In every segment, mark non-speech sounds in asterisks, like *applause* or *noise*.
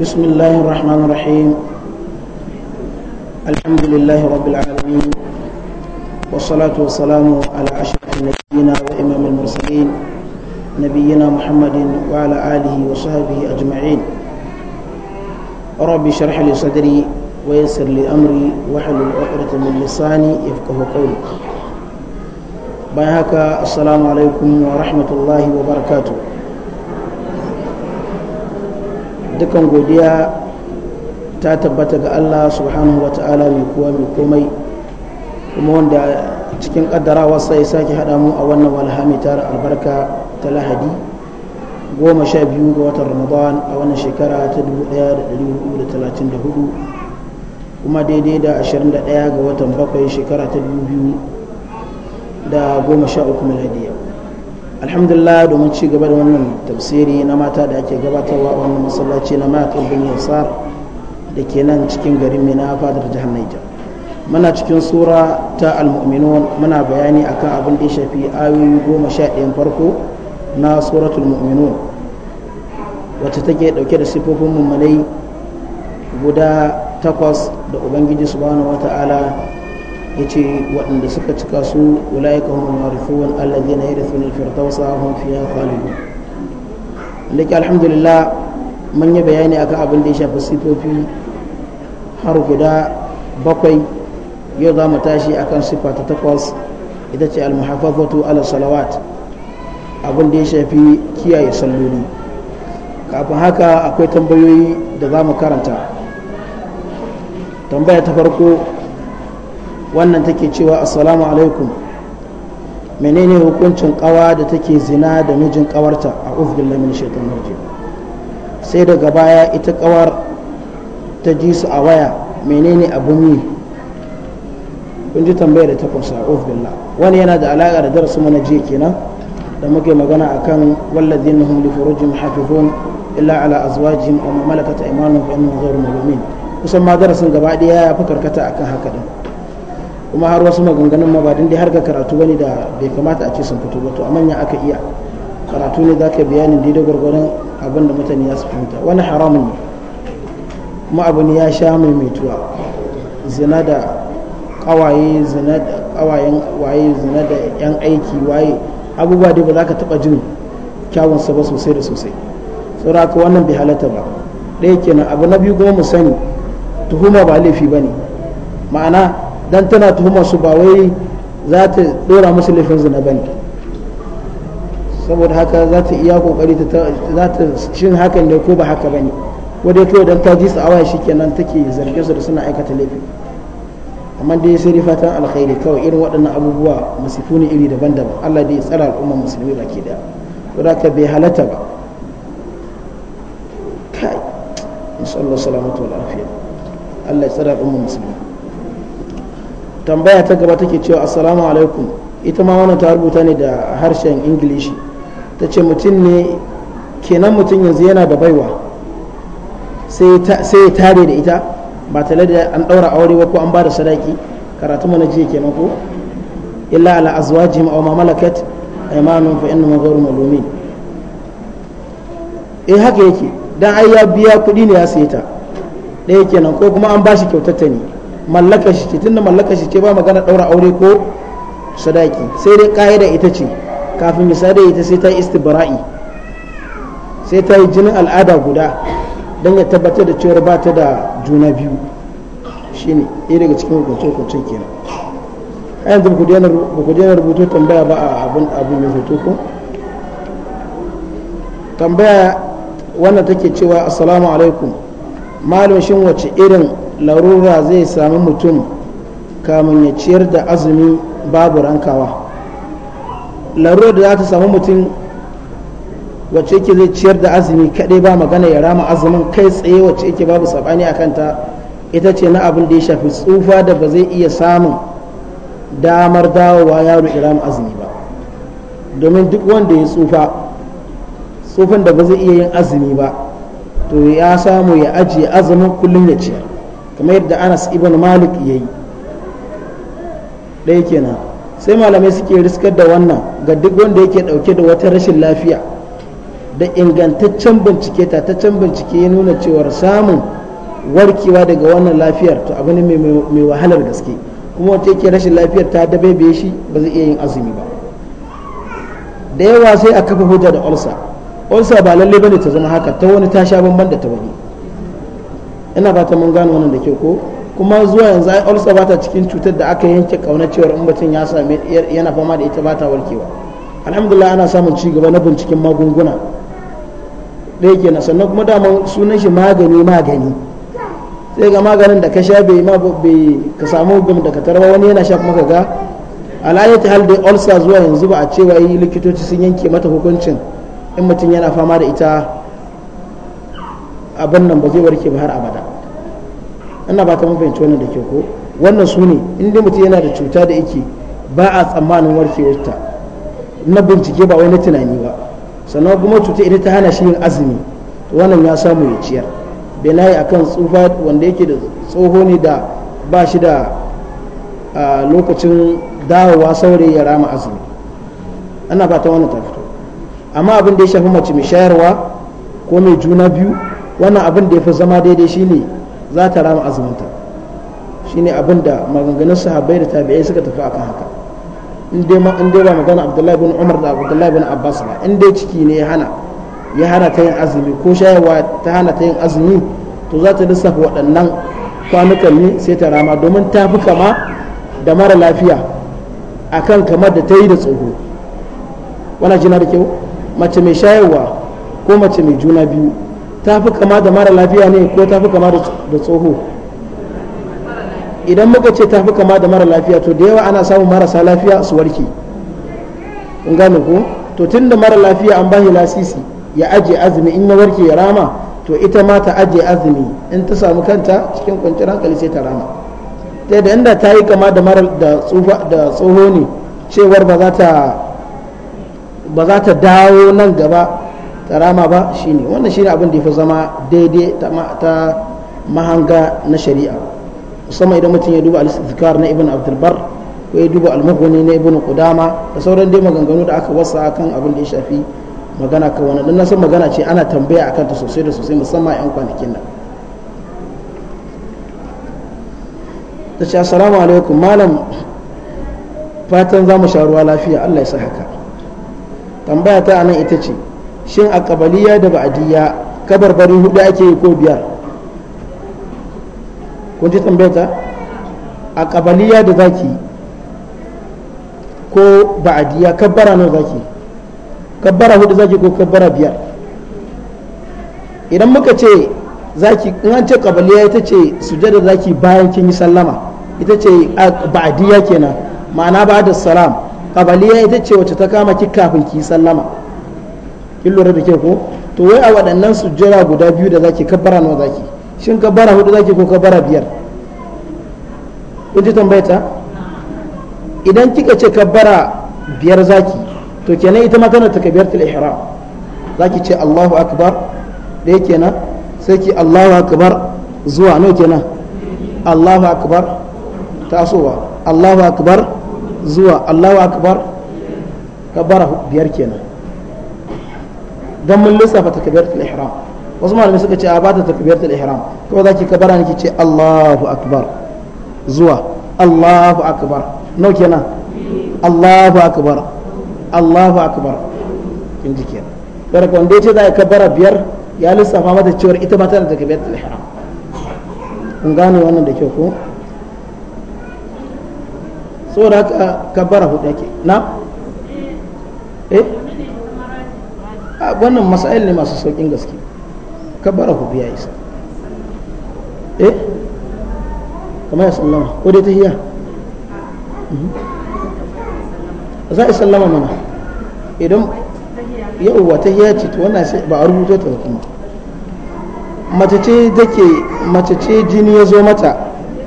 بسم الله الرحمن الرحيم الحمد لله رب العالمين والصلاة والسلام على أشرف نبينا وإمام المرسلين نبينا محمد وعلى آله وصحبه أجمعين رب شرح لي صدري ويسر لي أمري وحل العقدة من لساني يفقه قولي بهاك السلام عليكم ورحمة الله وبركاته dukkan godiya ta tabbata ga Allah subhanahu wa ta'ala mai kuwa mai komai kuma wanda cikin kaddarawa sai sake haɗa mu a wannan walhami tara albarka ta lahadi goma sha biyu ga watan ramadan a wannan shekara ta dubu da da da talatin hudu kuma daidai da ashirin da 21 ga watan bakwai shekara ta dubu biyu da goma sha 2013 miladiya alhamdulillah domin ci gaba da wannan tafsiri na mata da ake gabatarwa a wannan masallaci na mata bin yasar da ke nan cikin garin mina fadar jihar niger muna cikin sura ta almu'minun muna bayani akan abin da ya shafi ayoyi goma sha ɗayan farko na suratul mu'minun wacce take ɗauke da sifofin mummunai guda takwas da ubangiji subhanahu wata'ala yace waɗanda suka cika su ulaika hum al yanayi da yarithuna al wasu hum fiha khalidun laki alhamdulillah man yi bayani akan abin da ya shafi sifofi har guda bakwai yau za mu tashi akan sifa ta takwas ita ce al ala salawat abin da ya shafi kiyaye salloli kafin haka akwai tambayoyi da za mu karanta tambaya ta farko wannan take cewa assalamu alaikum menene hukuncin kawa da take zina da mijin kawarta a uzbillah min shaitan marji sai daga baya ita kawar ta ji su a waya menene abun yi kun ji tambayar da ta kunsa la wani yana da alaƙa da darasu mana jiya kenan da muke magana akan walladhina hum li furujihim hafizun illa ala azwajihim wa ma malakata fa ghayru malumin kusan ma darasin gaba ɗaya ya fi karkata akan haka din kuma har wasu maganganun ma ba din dai har ga karatu bane da bai kamata a ce sun fito ba to a manya aka iya karatu ne zaka bayanin daidai gurgurun abin da mutane ya su fahimta wani haramun ne kuma abu ne ya sha maimaituwa zina da kawaye zina da kawayen waye zina da yan aiki waye abubuwa dai ba za ka taba jin kyawun sa ba sosai da sosai saboda haka wannan bai halatta ba ɗaya kenan abu na biyu kuma mu sani tuhuma ba laifi ba ne ma'ana dan tana tuhumar su ba wai za ta dora musu laifin zina bane saboda haka za ta iya kokari ta za ta shin hakan ne ko ba haka bane wadda kawai dan ta ji sa'awa shikenan take zargin su da suna aikata laifi amma dai sai fatan alkhairi kawai irin waɗannan abubuwa masifu ne iri daban-daban Allah dai ya tsara al'ummar musulmi ke da saboda ka bai halatta ba kai insha Allah salamatu wa lafiya Allah ya tsara al'ummar musulmi tambaya ta gaba take cewa assalamu alaikum ita ma wannan ta rubuta ne da harshen ingilishi ta ce mutum ne kenan mutum yanzu yana da baiwa sai ya tare da ita ba tare da an ɗaura aure ba ko an ba da sadaki karatu mana jiya kenan ko illa ala azwaji ma ma malakat aymanuhum fa innahum ghayru malumin eh haka yake dan ai ya biya kuɗi ne ya sayi ta ɗaya kenan ko kuma an ba shi kyautata ne mallaka shi ce tunda mallaka shi ce ba magana daura aure ko sadaki sai dai ka'ida ita ce kafin ya da ita sai ta yi istibara'i sai ta yi jinin al'ada guda don ya tabbatar da cewar ba ta da juna biyu ne ɗaya daga cikin hukunce-hukuncen kenan a yanzu ba ku daina rubutu tambaya ba a abin abin mai hoto ko tambaya wannan take cewa assalamu alaikum malum shin wace irin larura zai sami mutum kamun ya ciyar da azumi babu rankawa larura da za ta sami mutum wacce yake zai ciyar da azumi kaɗai ba magana ya rama azumin kai tsaye wacce yake babu sabani a kanta ita ce na abin da ya shafi tsufa da ba zai iya samun damar dawowa yaro ya rama azumi ba domin duk wanda ya tsufa tsufan da ba zai iya yin azumi ba to ya samu ya ajiye azumin kullum ya ciyar kamar yadda anas ibn malik ya yi ɗaya kenan sai malamai suke riskar da wannan ga duk wanda yake ɗauke da wata rashin lafiya da ingantaccen bincike can bincike ya nuna cewar samun warkewa daga wannan lafiyar to abu ne mai wahalar gaske kuma wata yake rashin lafiyar ta da bebe shi ba zai iya yin azumi ba da yawa sai a kafa hujja da ulsa ulsa ba lalle bane ta zama haka ta wani ta sha bamban da ta wani ina ba ta mun gano wannan da ke ko kuma zuwa yanzu ai olsa ba ta cikin cutar da aka yanke kauna cewar in mutum ya same yana fama da ita ba ta warkewa alhamdulillah ana samun ci gaba na binciken magunguna da yake na sannan kuma dama sunan shi magani magani sai ga maganin da ka sha bai ma bai ka samu gum da ka tarwa wani yana sha kuma ka ga alayati hal dai olsa zuwa yanzu ba a cewa yi likitoci sun yanke mata hukuncin in mutum yana fama da ita abin nan ba zai warke ba har abada ina ba ta mafi wannan da ke ko wannan su ne inda mutum yana da cuta da yake ba a tsammanin warkewar ta na bincike ba wai na tunani ba sannan kuma cuta idan ta hana shi yin azumi wannan ya samu ya ciyar benayi akan tsufa wanda yake da tsoho ne da ba shi da lokacin dawowa saurayi ya rama azumi ana fata wannan ta fito amma abin da ya shafi mace mai shayarwa ko mai juna biyu wannan abin da ya fi zama daidai shine za ta rama azuminta shine abin da maganganun sahabbai da tabi'ai suka tafi akan haka in dai ba magana abdullahi bin umar da abdullahi bin abbas ba in dai ciki ne ya hana ya hana ta yin azumi ko shayarwa ta hana ta yin azumi to za ta lissafa waɗannan kwanukan ne sai ta rama domin ta fi kama da mara lafiya akan kamar da ta yi da tsoho wannan jina da kyau mace mai shayarwa ko mace mai juna biyu ta fi kama da mara lafiya ne ko ta fi kama da tsoho idan muka ce ta fi kama da mara lafiya to da yawa ana samun marasa lafiya su warke in gane ko to tun da mara lafiya an bashi lasisi ya aje azumi in ya warke ya rama to ita ma ta aje azumi in ta samu kanta cikin kwanciyar hankali sai ta rama ta da inda ta yi kama da mara da tsufa da tsoho ne cewar ba za ta ba za ta dawo nan gaba ta ba ba shine wannan shine abin da ya fi zama daidai ta mahanga na shari'a musamman idan mutum ya duba al na ibn abdulbar ko ya duba al-mughni na ibn qudama da sauran dai maganganu da aka wasa kan abin da ya shafi magana kan wannan dan san magana ce ana tambaya akan ta sosai da sosai musamman yan kwanakin nan ta ce assalamu alaikum malam fatan za mu sha ruwa lafiya Allah ya sa haka tambaya ta anan ita ce shin a kabaliya da ba'adiyya kabarbari hudu ake yi ko biyar kun ji tambayata a kabaliya da zaki ko ba'adiyya kabbara nawa zaki kabbara hudu zaki ko kabbara biyar idan muka ce zaki in an ce kabaliya ita ce sujada zaki bayan kin yi sallama ita ce ba'adiyya kenan ma'ana ba da salam kabaliya ita ce wacce ta kama ki kafin ki yi sallama in lura da ke ko to wai a waɗannan jira guda biyu da zaki kabbara nawa zaki shin kabbara hudu zaki ko kabbara biyar kun ji tambayata idan kika ce kabbara biyar zaki to kenan ita ma tana takabiratul ihram zaki ce Allahu akbar da yake nan sai ki Allahu akbar zuwa nawa kenan Allahu akbar tasowa Allahu akbar zuwa Allahu akbar kabbara biyar kenan dan mun lissafa takbiratul ihram wasu malamai suka ce a bata takbiratul ihram kawai zaki bara niki ce Allahu akbar zuwa Allahu akbar nau kenan Allahu akbar Allahu akbar kin ji kenan kada kan dai ce za ka bara biyar ya lissafa mata cewar ita ma tana takbiratul ihram kun gane wannan da kyau ko saboda haka kabbara hudu ake na eh a wannan masail ne masu saukin gaske ka bara ku biya isa eh kamar ya sallama ko dai ta tahiyya mhm. za a sallama mana idan yauwa tahiyya ce to wannan ba a rubuto ta kuma mace ce ke mace ce jini ya zo mata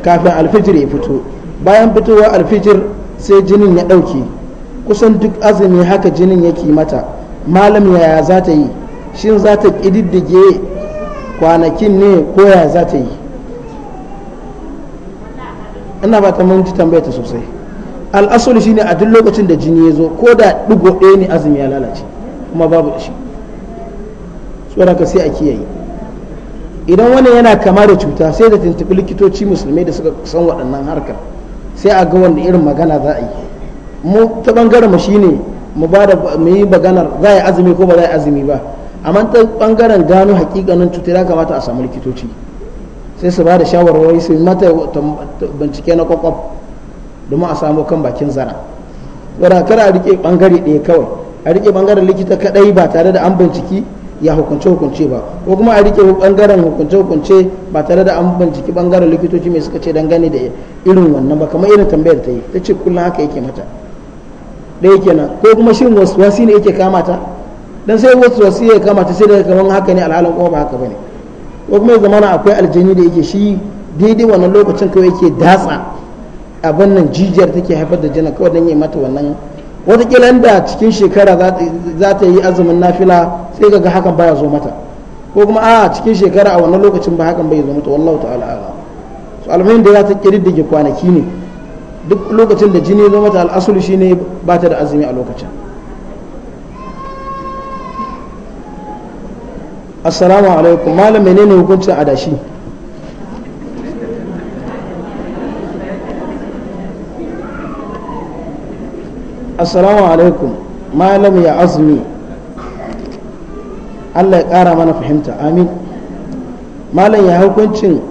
kafin alfijir ya fito bayan fitowa alfijir sai jinin ya ɗauke kusan duk azumi haka jinin yake mata malam yaya za ta yi shin za ta ƙididdige kwanakin ne ko yaya za ta yi ina ba ta manci tambaya ta sosai al'asali shine a duk lokacin da jini ya zo ko da digo ɗaya ne azumi ya lalace kuma babu da shi tsoron ka sai a kiyaye idan wani yana kama da cuta sai da tuntuɓi likitoci musulmai da suka san waɗannan harkar sai a ga wanda irin magana za a yi mu ta ɓangaren mu shine mu ba da mu yi maganar za a azumi ko ba za a azumi ba amma ta bangaren gano hakikanin cutar ya kamata a samu likitoci sai su ba da shawarwari su mata bincike na kwakwaf domin a samu kan bakin zara wadda kar a rike bangare ɗaya kawai a rike bangaren likita kaɗai ba tare da an binciki ya hukunce hukunce ba ko kuma a rike bangaren hukunce hukunce ba tare da an binciki bangaren likitoci mai suka ce dangane da irin wannan ba kamar irin tambayar ta yi ta ce kullum haka yake mata ɗaya kenan ko kuma shin wasi ne yake kamata dan sai wasu wasi ya kamata sai daga kaman haka ne alhalin kuma ba haka bane ko kuma ya zamana akwai aljani da yake shi daidai wannan lokacin kawai yake datsa abin nan jijiyar take haifar da jina kawai dan yi mata wannan watakila da cikin shekara za ta yi azumin nafila sai ga hakan baya zo mata ko kuma a cikin shekara a wannan lokacin ba hakan bai zo mata wallahu ta'ala so alhamdulillah da za ta ke kwanaki ne duk lokacin da jini zama ta shi shine ba ta da azumi a lokacin assalamu alaikum malam menene hukuncin adashi assalamu alaikum malam ya azumi allah ya kara mana fahimta amin malam ya hukuncin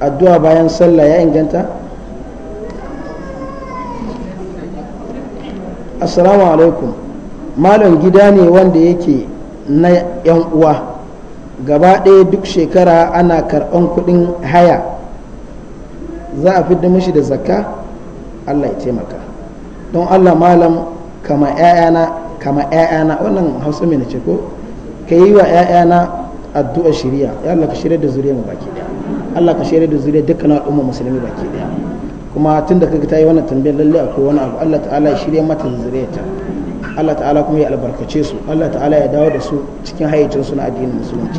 addu'a bayan sallah ya inganta assalamu alaikum malam gida ne wanda yake na 'yan uwa gaba ɗaya duk shekara ana karɓan kuɗin haya za a fidda mashi da zakka allah ya taimaka don allah malam kama 'ya'yana kama 'ya'yana wannan hausa mai na ce ko ka yi wa 'ya'yana addu'a shirya ya allah ka shirya da zuriya mu baki ɗaya Allah ka shirya da zuriya dukkan al'umma musulmi baki daya kuma tunda kaga ta yi wannan tambayar lalle akwai wani abu Allah ta'ala ya shirya mata zuriyarta Allah ta'ala kuma ya albarkace su Allah ta'ala ya dawo da su cikin hayyacin su na addinin musulunci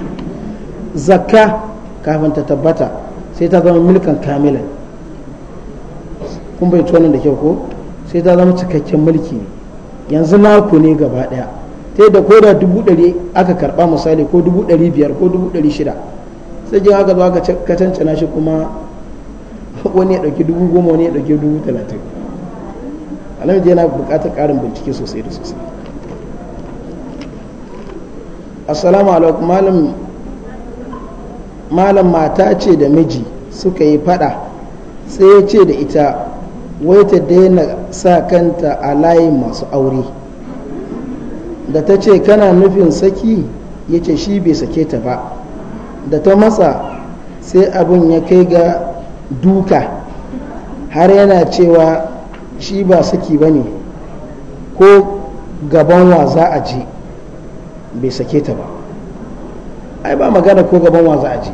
zakka kafin ta tabbata sai ta zama mulkan kamilan kun bai wannan da kyau ko sai ta zama cikakken mulki yanzu naku ne gaba daya ta yadda ko da dubu ɗari aka karɓa misali ko dubu ɗari biyar ko dubu ɗari shida sai jin haka zuwa ka cancana shi kuma wani ya ɗauki dubu goma wani ya ɗauki dubu talatin alhaji yana buƙatar ƙarin bincike sosai da sosai assalamu alaikum malam malam mata ce da miji suka yi fada sai ya ce da ita wai ta daina sa kanta a layin masu aure da ta ce kana nufin saki ya ce shi bai sake ta ba da ta matsa sai abin ya kai ga duka har yana cewa shi ba saki ba ne ko gaban wa za a ji bai sake ta ba ai ba magana ko gaban wa za a ji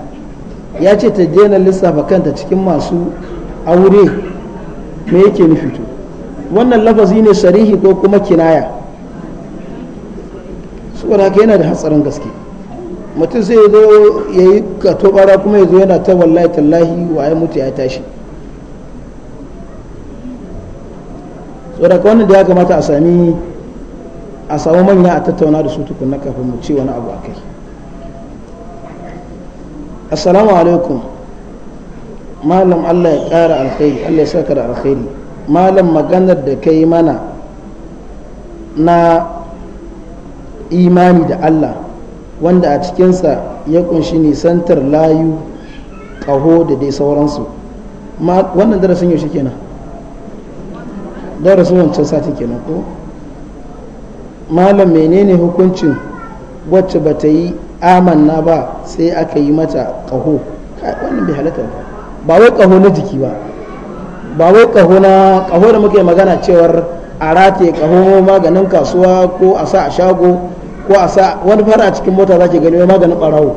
ya ce ta daina lissafa kanta cikin masu aure me yake nufi to wannan lafazi ne sarihi ko kuma kinaya saboda haka yana da hatsarin gaske mutum sai ya zo ya yi kato bara kuma ya zo yana ta wallahi tallahi wa ya mutu ya tashi tsoraka wannan da ya kamata a sami a samu manya a tattauna da su tukunna kafin mu ci wani abu a kai assalamu alaikum malam allah ya kara alkhairi allah ya saka da alkhairi malam maganar da ka yi mana na imani da allah wanda a cikinsa ya kunshi nisantar layu ƙaho da dai sauransu wannan darasin yaushe kenan darasin wancan sati kenan ko malam menene hukuncin wacce ba ta yi amanna ba sai aka yi mata ƙaho wannan bai halatta ba wai ƙaho na jiki ba ba wai ƙaho na ƙaho da muke magana cewar a rataye ƙaho maganin kasuwa ko a sa a shago ko a sa wani fara a cikin mota zaki gani wai maganin barawo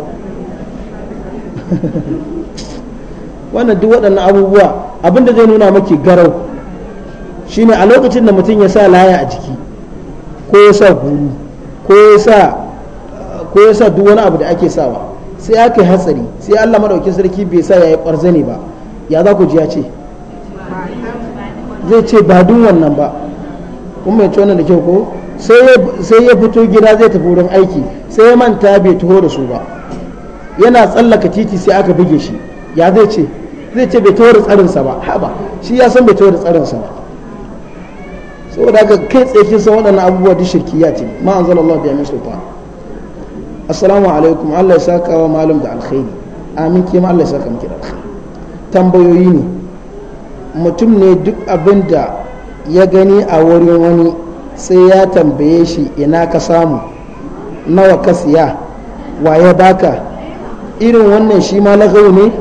wannan duk waɗannan abubuwa abinda zai nuna maki garau shine a lokacin da mutum ya sa laya a jiki ko ya sa guru ko ya sa duk wani abu da ake sawa sai ya kai hatsari sai Allah maɗauki sarki bai sa ya yi ɓarza ne ba ya za ku ji ya ce zai ce ba duk wannan ba kuma mai ci wannan da kyau ko sai ya fito gida zai tafi wurin aiki sai ya manta bai taho da su ba yana tsallaka titi sai aka buge shi ya zai ce zai ce bai taho da tsarinsa ba haba shi ya san bai taho da tsarinsa ba saboda haka kai tsaye kin san waɗannan abubuwa shirki ya ce ma anzalallahu bi amin sultan assalamu alaikum Allah ya saka wa malam da alkhairi amin ke ma Allah ya saka miki da alkhairi tambayoyi ne mutum ne duk abin da ya gani a wurin wani sai ya tambaye shi ina ka samu nawa ka siya wa ya baka irin wannan shi ma lagau ne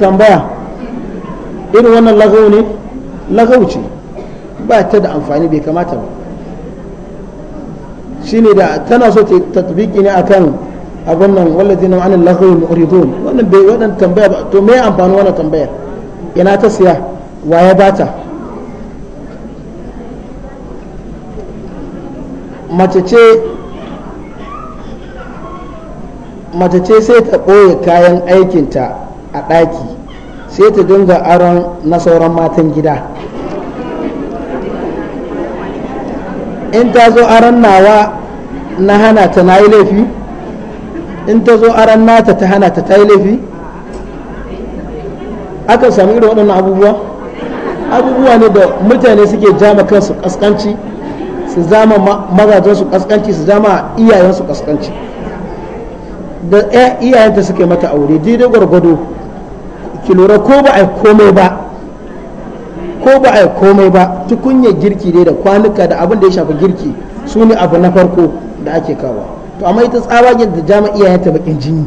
tambaya irin wannan lagau ne lagau ce ba ta da amfani bai kamata ba shi ne da tana so ta tatbiki ne kan abin nan na an lagau muridun wannan bai wannan tambaya ba to me amfani wannan tambaya ina ta siya ya bata mace ce mace ce sai ta ɓoye kayan aikinta a ɗaki sai ta dinga aron na sauran matan gida in ta zo aron nawa na hana ta na yi laifi in ta zo aron nata ta hana ta ta yi laifi aka sami irin waɗannan abubuwa abubuwa ne da mutane suke jama kansu ƙasƙanci su zama mazajen su kaskanci su zama iyayen su kaskanci da iyayenta suka suke mata aure daidai gwargwado ki lura ko ba a komai ba ko ba a komai ba tukunyar girki dai da kwanuka da abin da ya shafi girki su ne abu na farko da ake kawo to amma ita tsabagen da jama iyayenta bakin jini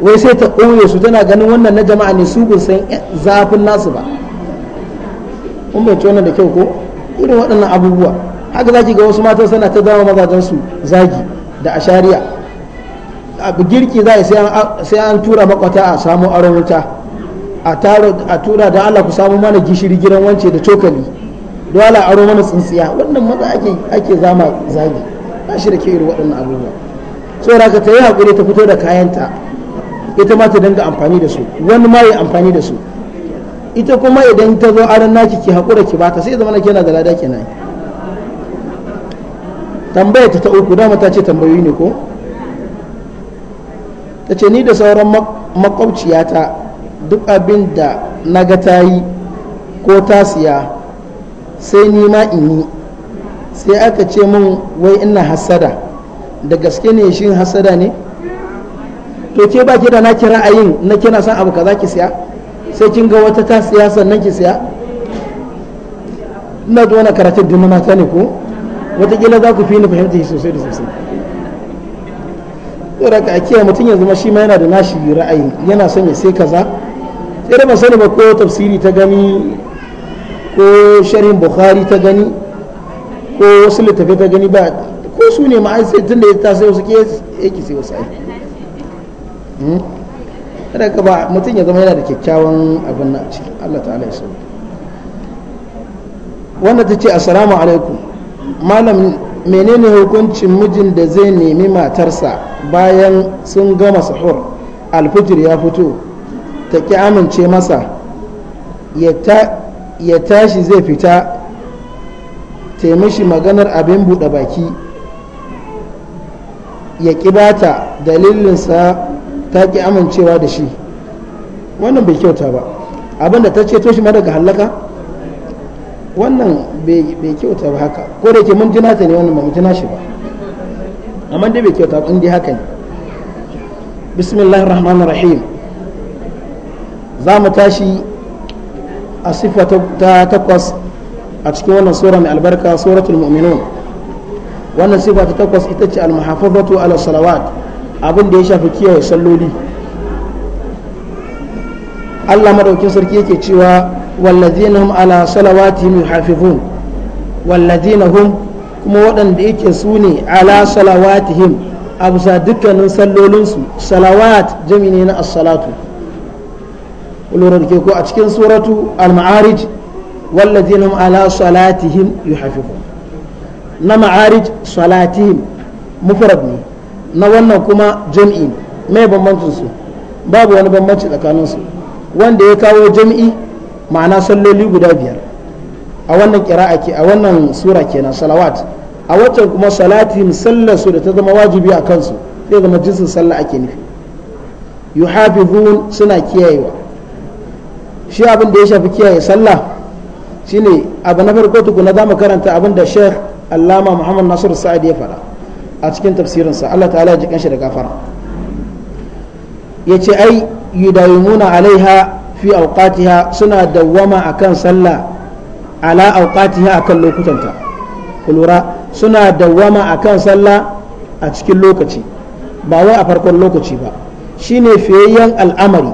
wai sai ta ɓoye su tana ganin wannan na jama'a ne su san zafin nasu ba kun bai wannan da kyau ko irin waɗannan abubuwa haka zaki ga wasu matan suna ta dawo mazajen su zagi da ashariya a girki za sai an tura makwata a samu aron wuta a tura da Allah ku samu mana gishiri gidan wance da cokali dole aro mana tsintsiya wannan maza ake ake zama zagi ba shi da ke irin waɗannan abubuwa saboda ka ta yi haƙuri ta fito da kayanta ita ma ta dinga amfani da su wani ma ya amfani da su ita kuma idan ta zo aran naki ki haƙura ki bata sai zama kina da lada kenan tambaya ta ta uku dama ta ce tambayoyi ne ko ta ce ni da sauran makwabciyata duk abin da na ga ta yi ko ta siya sai ni ma in yi sai aka ce min wai ina hasada da gaske ne shin hasada ne to ke ba ki da na naki ra'ayin na kina san abu ka za ki siya sai kin ga wata ta siya sannan ki siya ina da wani karatun din mata ne ko wataƙila za ku fi ni fahimta shi sosai da sosai saboda ka akiya mutum ya zama shi ma yana da nashi ra'ayi yana son ya sai kaza sai da ba sani ba ko tafsiri ta gani ko sharhin bukhari ta gani ko wasu littafi ta gani ba ko su ne ma'ai sai tun da ya ta sai wasu ke ya ki sai wasu ai hmm? kada ka ba mutum ya zama yana da kyakkyawan abin na ce Allah ta'ala ya isa wanda ta ce assalamu alaikum malam menene hukuncin mijin da zai nemi matarsa bayan sun gama sahur alfijir ya fito ta ki amince masa ya tashi zai fita taimishi maganar abin buɗe baki ya bata dalilinsa ta ki amincewa da shi wannan bai kyauta ba abinda ta to shi ma daga halaka wannan bai kyauta ba haka ko da ke mun jina ta ne wannan ba mun jina shi ba amma dai bai kyauta ba dai haka ne bismillahir rahmanir rahim za mu tashi a siffa ta takwas a cikin wannan sura mai albarka suratul mu'minun wannan siffa ta takwas ita ce al-muhafazatu ala salawat abin da ya shafi kiyaye salloli Allah madaukin sarki yake cewa wallazina hum ala salawatihim yuhafizun wallazina hum kuma waɗanda yake su ne ala salawatihim a bisa dukkanin sallolinsu salawat jami ne na as-salatu lura da ke ko a cikin suratu al-ma'arij wallazina hum ala salatihim yuhafizun na ma'arij salatihim mufrad ne na wannan kuma jam'i mai bambancin su babu wani bambanci tsakanin su wanda ya kawo jam'i ma'ana salloli guda biyar a wannan kira'a ke a wannan sura kenan salawat a wancan kuma salatin sallar su da ta zama wajibi a kansu sai zama jinsin sallah ake nufi yuhafizun suna kiyayewa shi abin da ya shafi kiyaye sallah shine abu na farko tukuna za mu karanta abin da sheikh allama muhammad nasiru sa'ad ya faɗa a cikin tafsirinsa Allah ta'ala ya jikan shi da gafara ya ce ai yudawimuna alaiha fi auqatiha suna dawwama akan sallah ala auqatiha lokutanta kulura suna dawwama akan sallah a cikin lokaci ba wai a farkon lokaci ba shine fiyayyen al'amari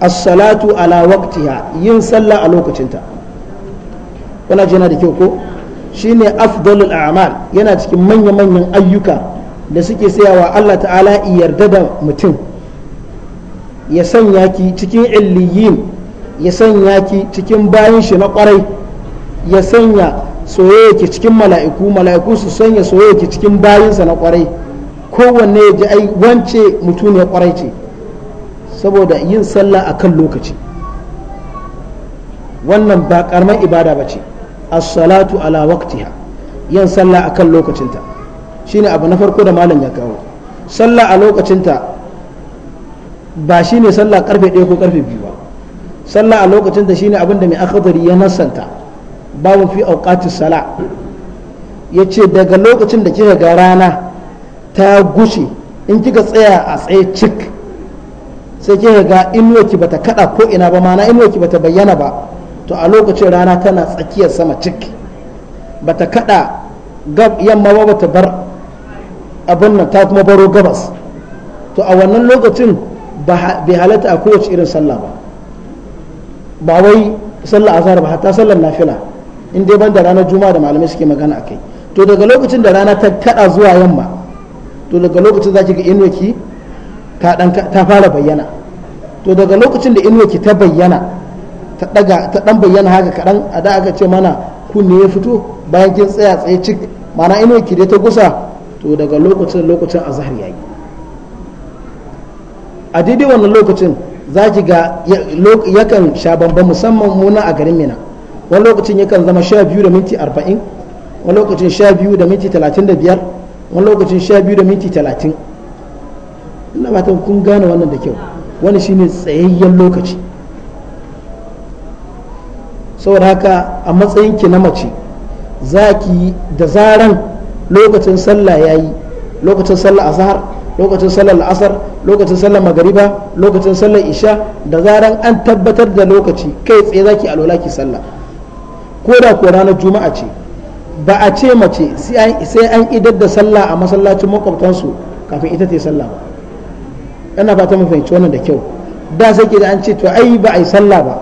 as-salatu ala waqtiha yin sallah a lokacinta kuna jina da kyau ko shine afdalul a'mal yana cikin manya-manyan ayyuka da suke sayawa Allah ta'ala yarda da mutum ya sanya ki cikin illiyin ya sanya ki cikin bayan shi na kwarai ya sanya soyayya ki cikin mala'iku mala'iku su sanya soyayya ki cikin bayinsa na kwarai kowanne ya ji ai wance mutum ya kwarai ce saboda yin sallah akan lokaci wannan ba karamar ibada ba ce as-salatu ala waqtiha yin sallah akan lokacinta shine abu na farko da malam ya kawo sallah a lokacinta ba shine sallah karfe 1 ko karfe 2 ba sallah a lokacinta shine abin da mai akhdari ya nasanta babu fi awqati sala yace daga lokacin da kika ga rana ta gushe in kika tsaya a tsaye cik sai kika ga inuwa ki bata kada ko ina ba mana inuwa ki bata bayyana ba to a lokacin rana tana tsakiyar sama cik bata kada gab yamma ba bata bar abin nan ta kuma baro gabas to a wannan lokacin bai halatta a kowace irin sallah ba ba wai sallah azhar ba hatta sallar nafila in dai ban da ranar juma'a da malamai suke magana a kai to daga lokacin da rana ta kada zuwa yamma to daga lokacin ki ga inuwaki ta fara bayyana to daga lokacin da inuwaki ta bayyana ta daga ta dan bayyana haka kadan a da aka ce mana kunne ya fito bayan kin tsaya tsaye cik mana inuwa ki dai ta gusa to daga lokacin lokacin azhar yayi a daidai wannan lokacin za ki ga yakan sha bamban musamman muna a garin mina wani lokacin yakan zama sha biyu da minti arba'in wani lokacin sha biyu da minti talatin da biyar wani lokacin sha biyu da minti talatin ina ba kun gane wannan da kyau wani shine tsayayyen lokaci saboda haka a matsayin ki na mace za ki da zaran lokacin sallah ya yi lokacin sallah azhar lokacin sallah asar lokacin sallar magariba lokacin sallah isha da zaran an tabbatar da lokaci kai tsaye za ki alola ki sallah ko da ko ranar juma'a ce ba a ce mace sai an idar da sallah a masallacin makwabtansu kafin ita ta yi sallah ba ana fata mu fahimci wannan da kyau da sai ke da an ce to ai ba a yi sallah ba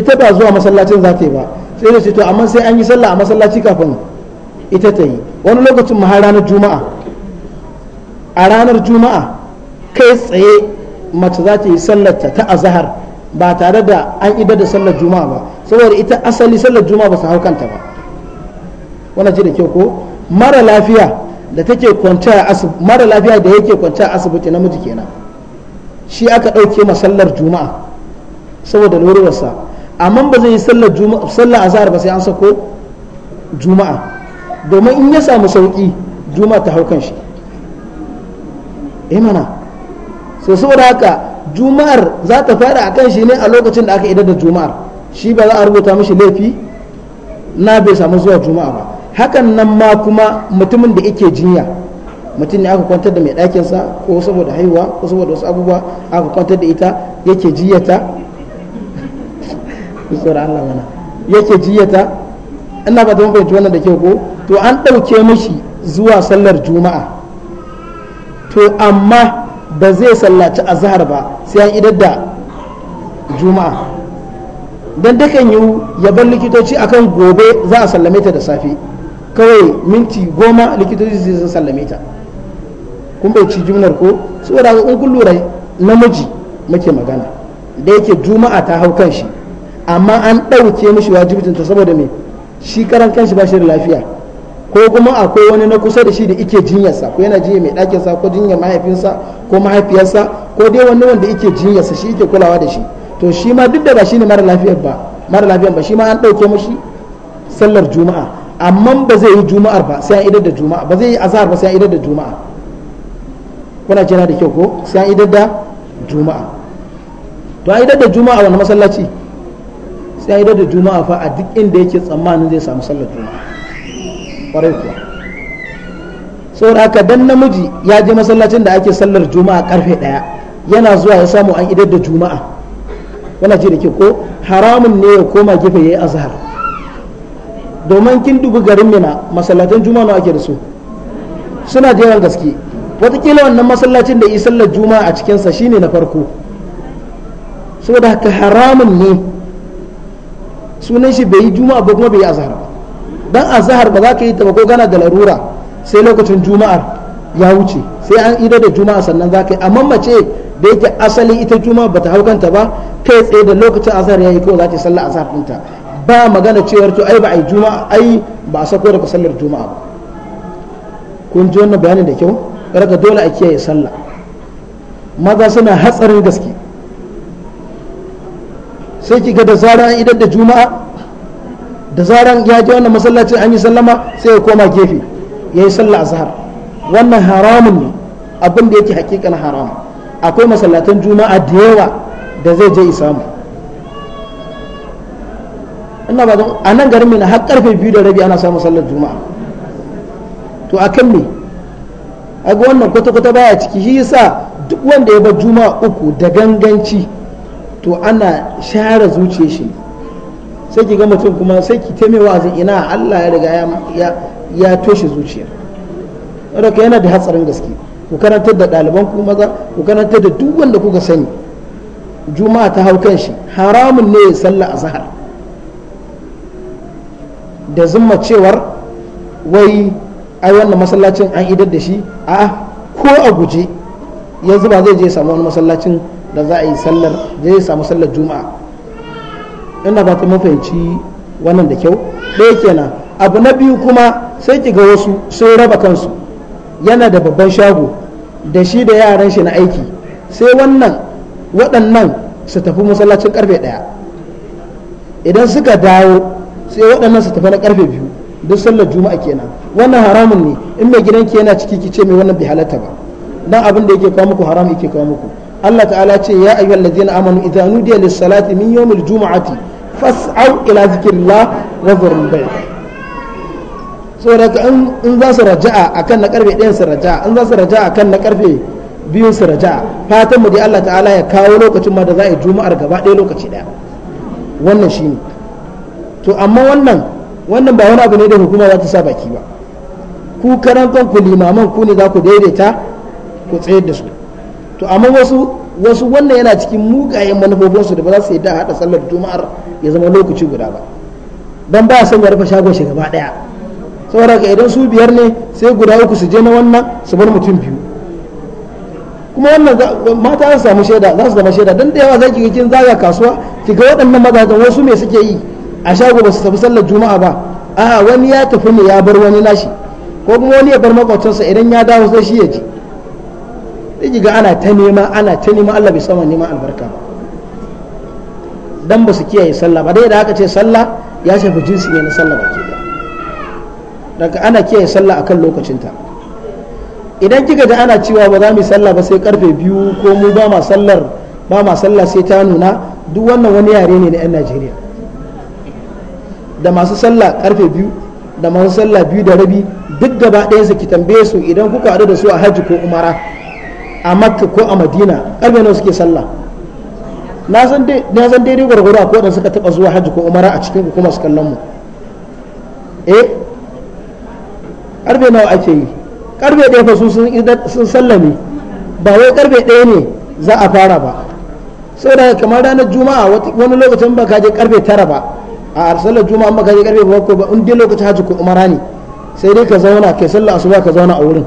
ita ba zuwa masallacin za ta yi ba sai da ce to amma sai an yi sallah a masallaci kafin ita ta yi wani lokacin ma ranar juma'a a ranar juma'a kai tsaye mace za ta yi sallarta ta azahar ba tare da an ida da sallar juma'a ba saboda ita asali sallar juma'a ba su hau kanta ba wannan ji da kyau ko mara lafiya da take kwanta a asibiti mara lafiya da yake kwance a asibiti namiji kenan shi aka ɗauke masallar juma'a saboda lururarsa amma ba zai yi sallar juma'a sallar azhar ba sai an sako juma'a domin in ya samu sauki juma'a ta haukan shi eh mana so saboda haka juma'ar za ta fara kan shi ne a lokacin da aka idar da juma'ar shi ba za a rubuta mishi laifi na bai samu zuwa juma'a ba hakan nan ma kuma mutumin da yake jinya mutum ne aka kwantar da mai ɗakinsa ko saboda haihuwa ko saboda wasu abubuwa aka kwantar da ita yake jiyata Allah mana yake jiyata ina ba ta wannan da kyau ko to an ɗauke mashi zuwa sallar juma'a to amma ba zai sallaci azhar ba sai an idar da juma'a dan dukan yiwu ya bar likitoci akan gobe za a sallame ta da safe kawai minti goma likitoci sai sun sallame ta kun bai ci jumlar ko saboda in kun lura namiji muke magana da yake juma'a ta hau kan shi amma an ɗauke mishi ta saboda me shi karan kanshi ba shi da lafiya ko kuma akwai wani na kusa da shi da ike jinyarsa ko yana jinya mai ɗakinsa ko jinya mahaifinsa ko mahaifiyarsa ko dai wani wanda ike jinyarsa shi ike kulawa da shi to shi ma duk da ba shi ne mara lafiyar ba mara lafiyar ba shi ma an ɗauke mashi sallar juma'a amma ba zai yi juma'ar ba sai an idar da juma'a ba zai yi azhar ba sai an idar da juma'a kuna jira da kyau ko sai an idar da juma'a to an idar da juma'a wani masallaci tsayar da juma'a fa a duk inda yake tsammanin zai samu sallar juma'a kwarai kuwa saboda haka dan namiji ya je masallacin da ake sallar juma'a karfe daya yana zuwa ya samu an idar da juma'a wannan ce da ke ko haramun ne ya koma gefe yayi azahar domin kin dubi garin mina masallacin juma'a ake da su suna yawan gaske watakila wannan masallacin da yi sallar juma'a a cikinsa shine na farko saboda haka haramun ne sunan shi bai yi juma'a ba kuma bai yi azahar ba dan azahar ba za ka yi ta ba ko gana da larura sai lokacin juma'ar ya wuce sai an ido da juma'a sannan za ka yi amma mace da yake asali ita juma'a bata hau kanta ba kai tsaye da lokacin ya yayi kawai za ta yi sallar azahar ɗinta ba magana cewar to ai ba ai juma'a ai ba a sako daga sallar juma'a ba kun ji wannan bayanin da kyau raka dole a kiyaye sallah maza suna hatsarin gaske sai ki ga da zaran idan da juma'a da zaran ya je wannan masallacin an yi sallama sai ya koma gefe ya yi sallah azhar wannan haramun ne abin da yake hakikan haram akwai masallatan juma'a da yawa da zai je isamu ina ba don a nan garin mina har karfe biyu da rabi ana samun sallar juma'a to a kan me a ga wannan kwata-kwata baya ciki shi yasa duk wanda ya bar juma'a uku da ganganci to ana share zuciyar shi sai ki ga mutum kuma sai ki ta wa'azin ina Allah ya riga ya toshe zuciya raka yana da hatsarin gaske ku karantar da ɗaliban ku maza ku karantar da duk wanda kuka sani juma'a ta hau kan shi haramun ne sallah azhar da zumma cewar wai ai wannan masallacin an idar da shi a ko a guje yanzu ba zai je samu wani masallacin da za a yi sallar da zai samu sallar juma'a ina ba ta mafaici wannan da kyau ɗaya kenan abu na biyu kuma sai ki ga wasu sun raba kansu yana da babban shago da shi da yaran shi na aiki sai wannan waɗannan su tafi masallacin karfe ɗaya idan suka dawo sai waɗannan su tafi na karfe biyu duk sallar juma'a kenan wannan haramun ne in mai gidanki yana ciki ki ce mai wannan bai halatta ba dan abin da yake kawo muku haram yake kawo muku Allah ta'ala ce ya ayyuhal ladzina amanu idza nudiya lis-salati min yawmil juma'ati fas'au ila zikrillah wa dharul bay' saboda in za su raja'a akan na karfe ɗayan su raja'a in za su raja'a akan na karfe biyun su raja'a fatan mu dai Allah ta'ala ya kawo lokacin ma da za a yi juma'ar gaba ɗaya lokaci ɗaya wannan shine to amma wannan wannan ba wani abu ne da hukuma za ta sa baki ba ku karan kanku limaman ku ne za ku daidaita ku tsayar da su to amma wasu wasu wannan yana cikin mugayen manufofinsu da ba za su yi da haɗa sallar juma'ar ya zama lokaci guda ba don ba son ya rufe shagon shi gaba ɗaya saboda idan su biyar ne sai guda uku su je na wannan su bar mutum biyu kuma wannan mata za samu shaida za su zama shaida don da yawa za ki kin zaga kasuwa ki ga waɗannan mazajen wasu mai suke yi a shago ba su tafi sallar juma'a ba a'a wani ya tafi ne ya bar wani nashi ko kuma wani ya bar makwabcinsa idan ya dawo sai shi ya ji sai kiga ana ta nema ana ta nema Allah bai sama nema albarka ba dan ba su kiyaye sallah ba dai da aka ce sallah ya shafi jinsi ne na sallah baki da daga ana kiyaye sallah akan lokacinta idan kika ga ana cewa ba za mu yi sallah ba sai karfe biyu ko mu ba ma sallar ba ma sallah sai ta nuna duk wannan wani yare ne na 'yan najeriya da masu sallah karfe biyu da masu sallah biyu da rabi duk gaba ɗaya su ki tambaye su idan kuka haɗu da su a hajji ko umara a makka ko a madina karfe nawa suke sallah na san daidai gwargwaro a kodin suka taba zuwa hajji ko umara a cikin hukumar su kallon mu eh karfe nawa ake yi karfe ɗaya fa su sun sallame ba wai karfe ɗaya ne za a fara ba saboda kamar ranar juma'a wani lokacin ba ka je karfe tara ba a arsalar juma'a ba ka je karfe bakwai ba in dai lokacin hajji ko umara ne sai dai ka zauna a su asuba ka zauna a wurin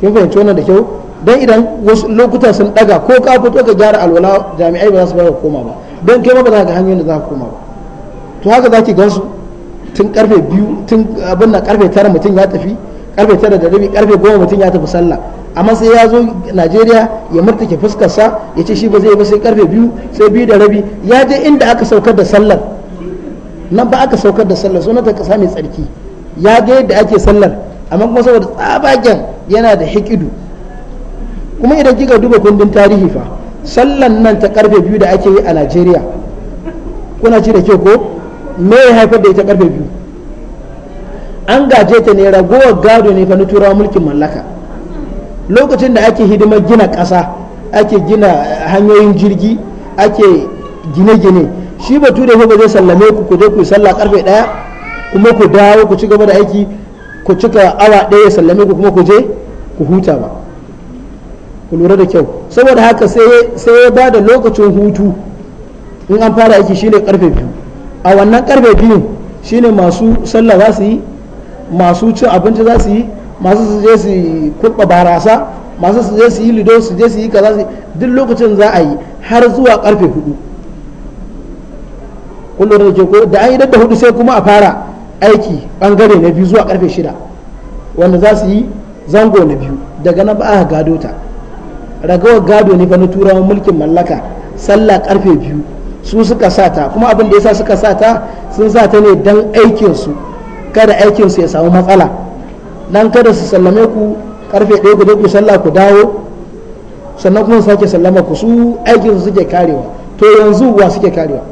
kin fahimci wannan da kyau dan idan wasu lokuta sun daga ko ka fito ka gyara alwala jami'ai ba za su ba koma ba dan kai ma ba za ka hanyoyin da za ka koma ba to haka za ki gansu tun karfe biyu tun abin nan karfe tara mutum ya tafi karfe tara da rabi karfe goma mutum ya tafi sallah amma sai ya zo najeriya ya murtake fuskarsa ya ce shi ba zai ba sai karfe biyu sai biyu da rabi ya je inda aka saukar da sallar nan ba aka saukar da sallar ta kasa mai tsarki ya ga yadda ake sallar amma kuma saboda tsabagen yana da hikidu kuma idan kika duba kundin tarihi fa sallan nan ta karfe biyu da ake yi a najeriya kuna ci da kyau ko me ya haifar da ita karfe biyu an gaje ta ne ragowar gado ne fa na turawa mulkin mallaka lokacin da ake hidimar gina ƙasa ake gina eh, hanyoyin jirgi ake gine-gine shi batu da ba zai sallame ku ku je ku sallah karfe ɗaya kuma ku dawo ku ci gaba da aiki ku cika awa ɗaya sallame ku kuma ku je ku huta ba ku lura da kyau saboda haka sai ya ba da lokacin hutu in an fara aiki shine karfe biyu a wannan karfe biyu shine masu sallah za su yi masu cin abinci za su yi masu su je su kurɓa barasa masu su je su yi lido su je su yi kaza su duk lokacin za a yi har zuwa karfe hudu kullum da ke ko da an yi da hudu sai kuma a fara aiki bangare na biyu zuwa karfe shida wanda za su yi zango na biyu daga nan ba aka gado ta ragawar gado ne fa na turawan mulkin mallaka sallah karfe biyu su suka sata kuma abin da ya sa suka sata sun ta ne dan aikin kada aikin ya samu matsala dan kada su sallame ku karfe 1 ku ku sallah ku dawo sannan kuma sake sallama ku su aikin su suke karewa to yanzu wa suke karewa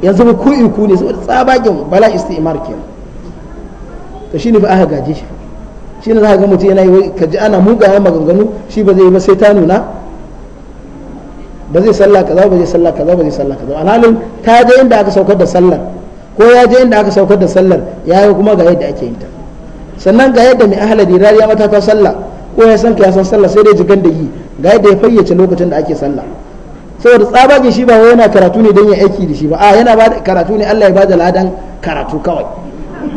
yanzu ku ku ne saboda tsabagin bala istimar kenan to shine ba aka gaje shi shine za ka ga mutum yana yi ka ji ana ya maganganu shi ba zai yi ba sai ta nuna ba zai sallah kaza ba zai sallah kaza ba zai sallah kaza alhalin ta je inda aka saukar da sallar ko ya je inda aka saukar da sallar ya yi kuma ga yadda ake yin ta sannan ga yadda mai ahla dirar ya mata ta sallah ko ya san ka ya san sallah sai dai jigan da yi ga yadda ya fayyace lokacin da ake sallah saboda tsabagin shi ba wai yana karatu ne don ya aiki da shi ba a yana ba karatu ne Allah ya ba da ladan karatu kawai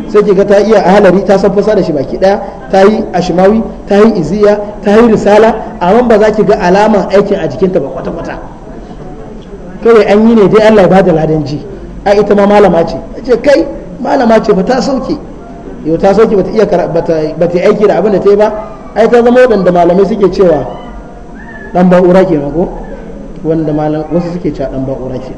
sai ki ga ta iya ahalari ta san fasa da shi baki daya ta yi ashimawi ta yi iziya ta yi risala amma ba za ki ga alaman aikin a jikinta ba kwata kwata kawai an yi ne dai Allah ba bada ladan ji a ita ma malama ce ce kai malama ce ba ta sauke yau ta sauke ta iya ba ta aiki da abin da ta yi ba ai ta zama waɗanda malamai suke cewa dan ba'ura ke ko wanda malam wasu suke cewa dan ba'ura ke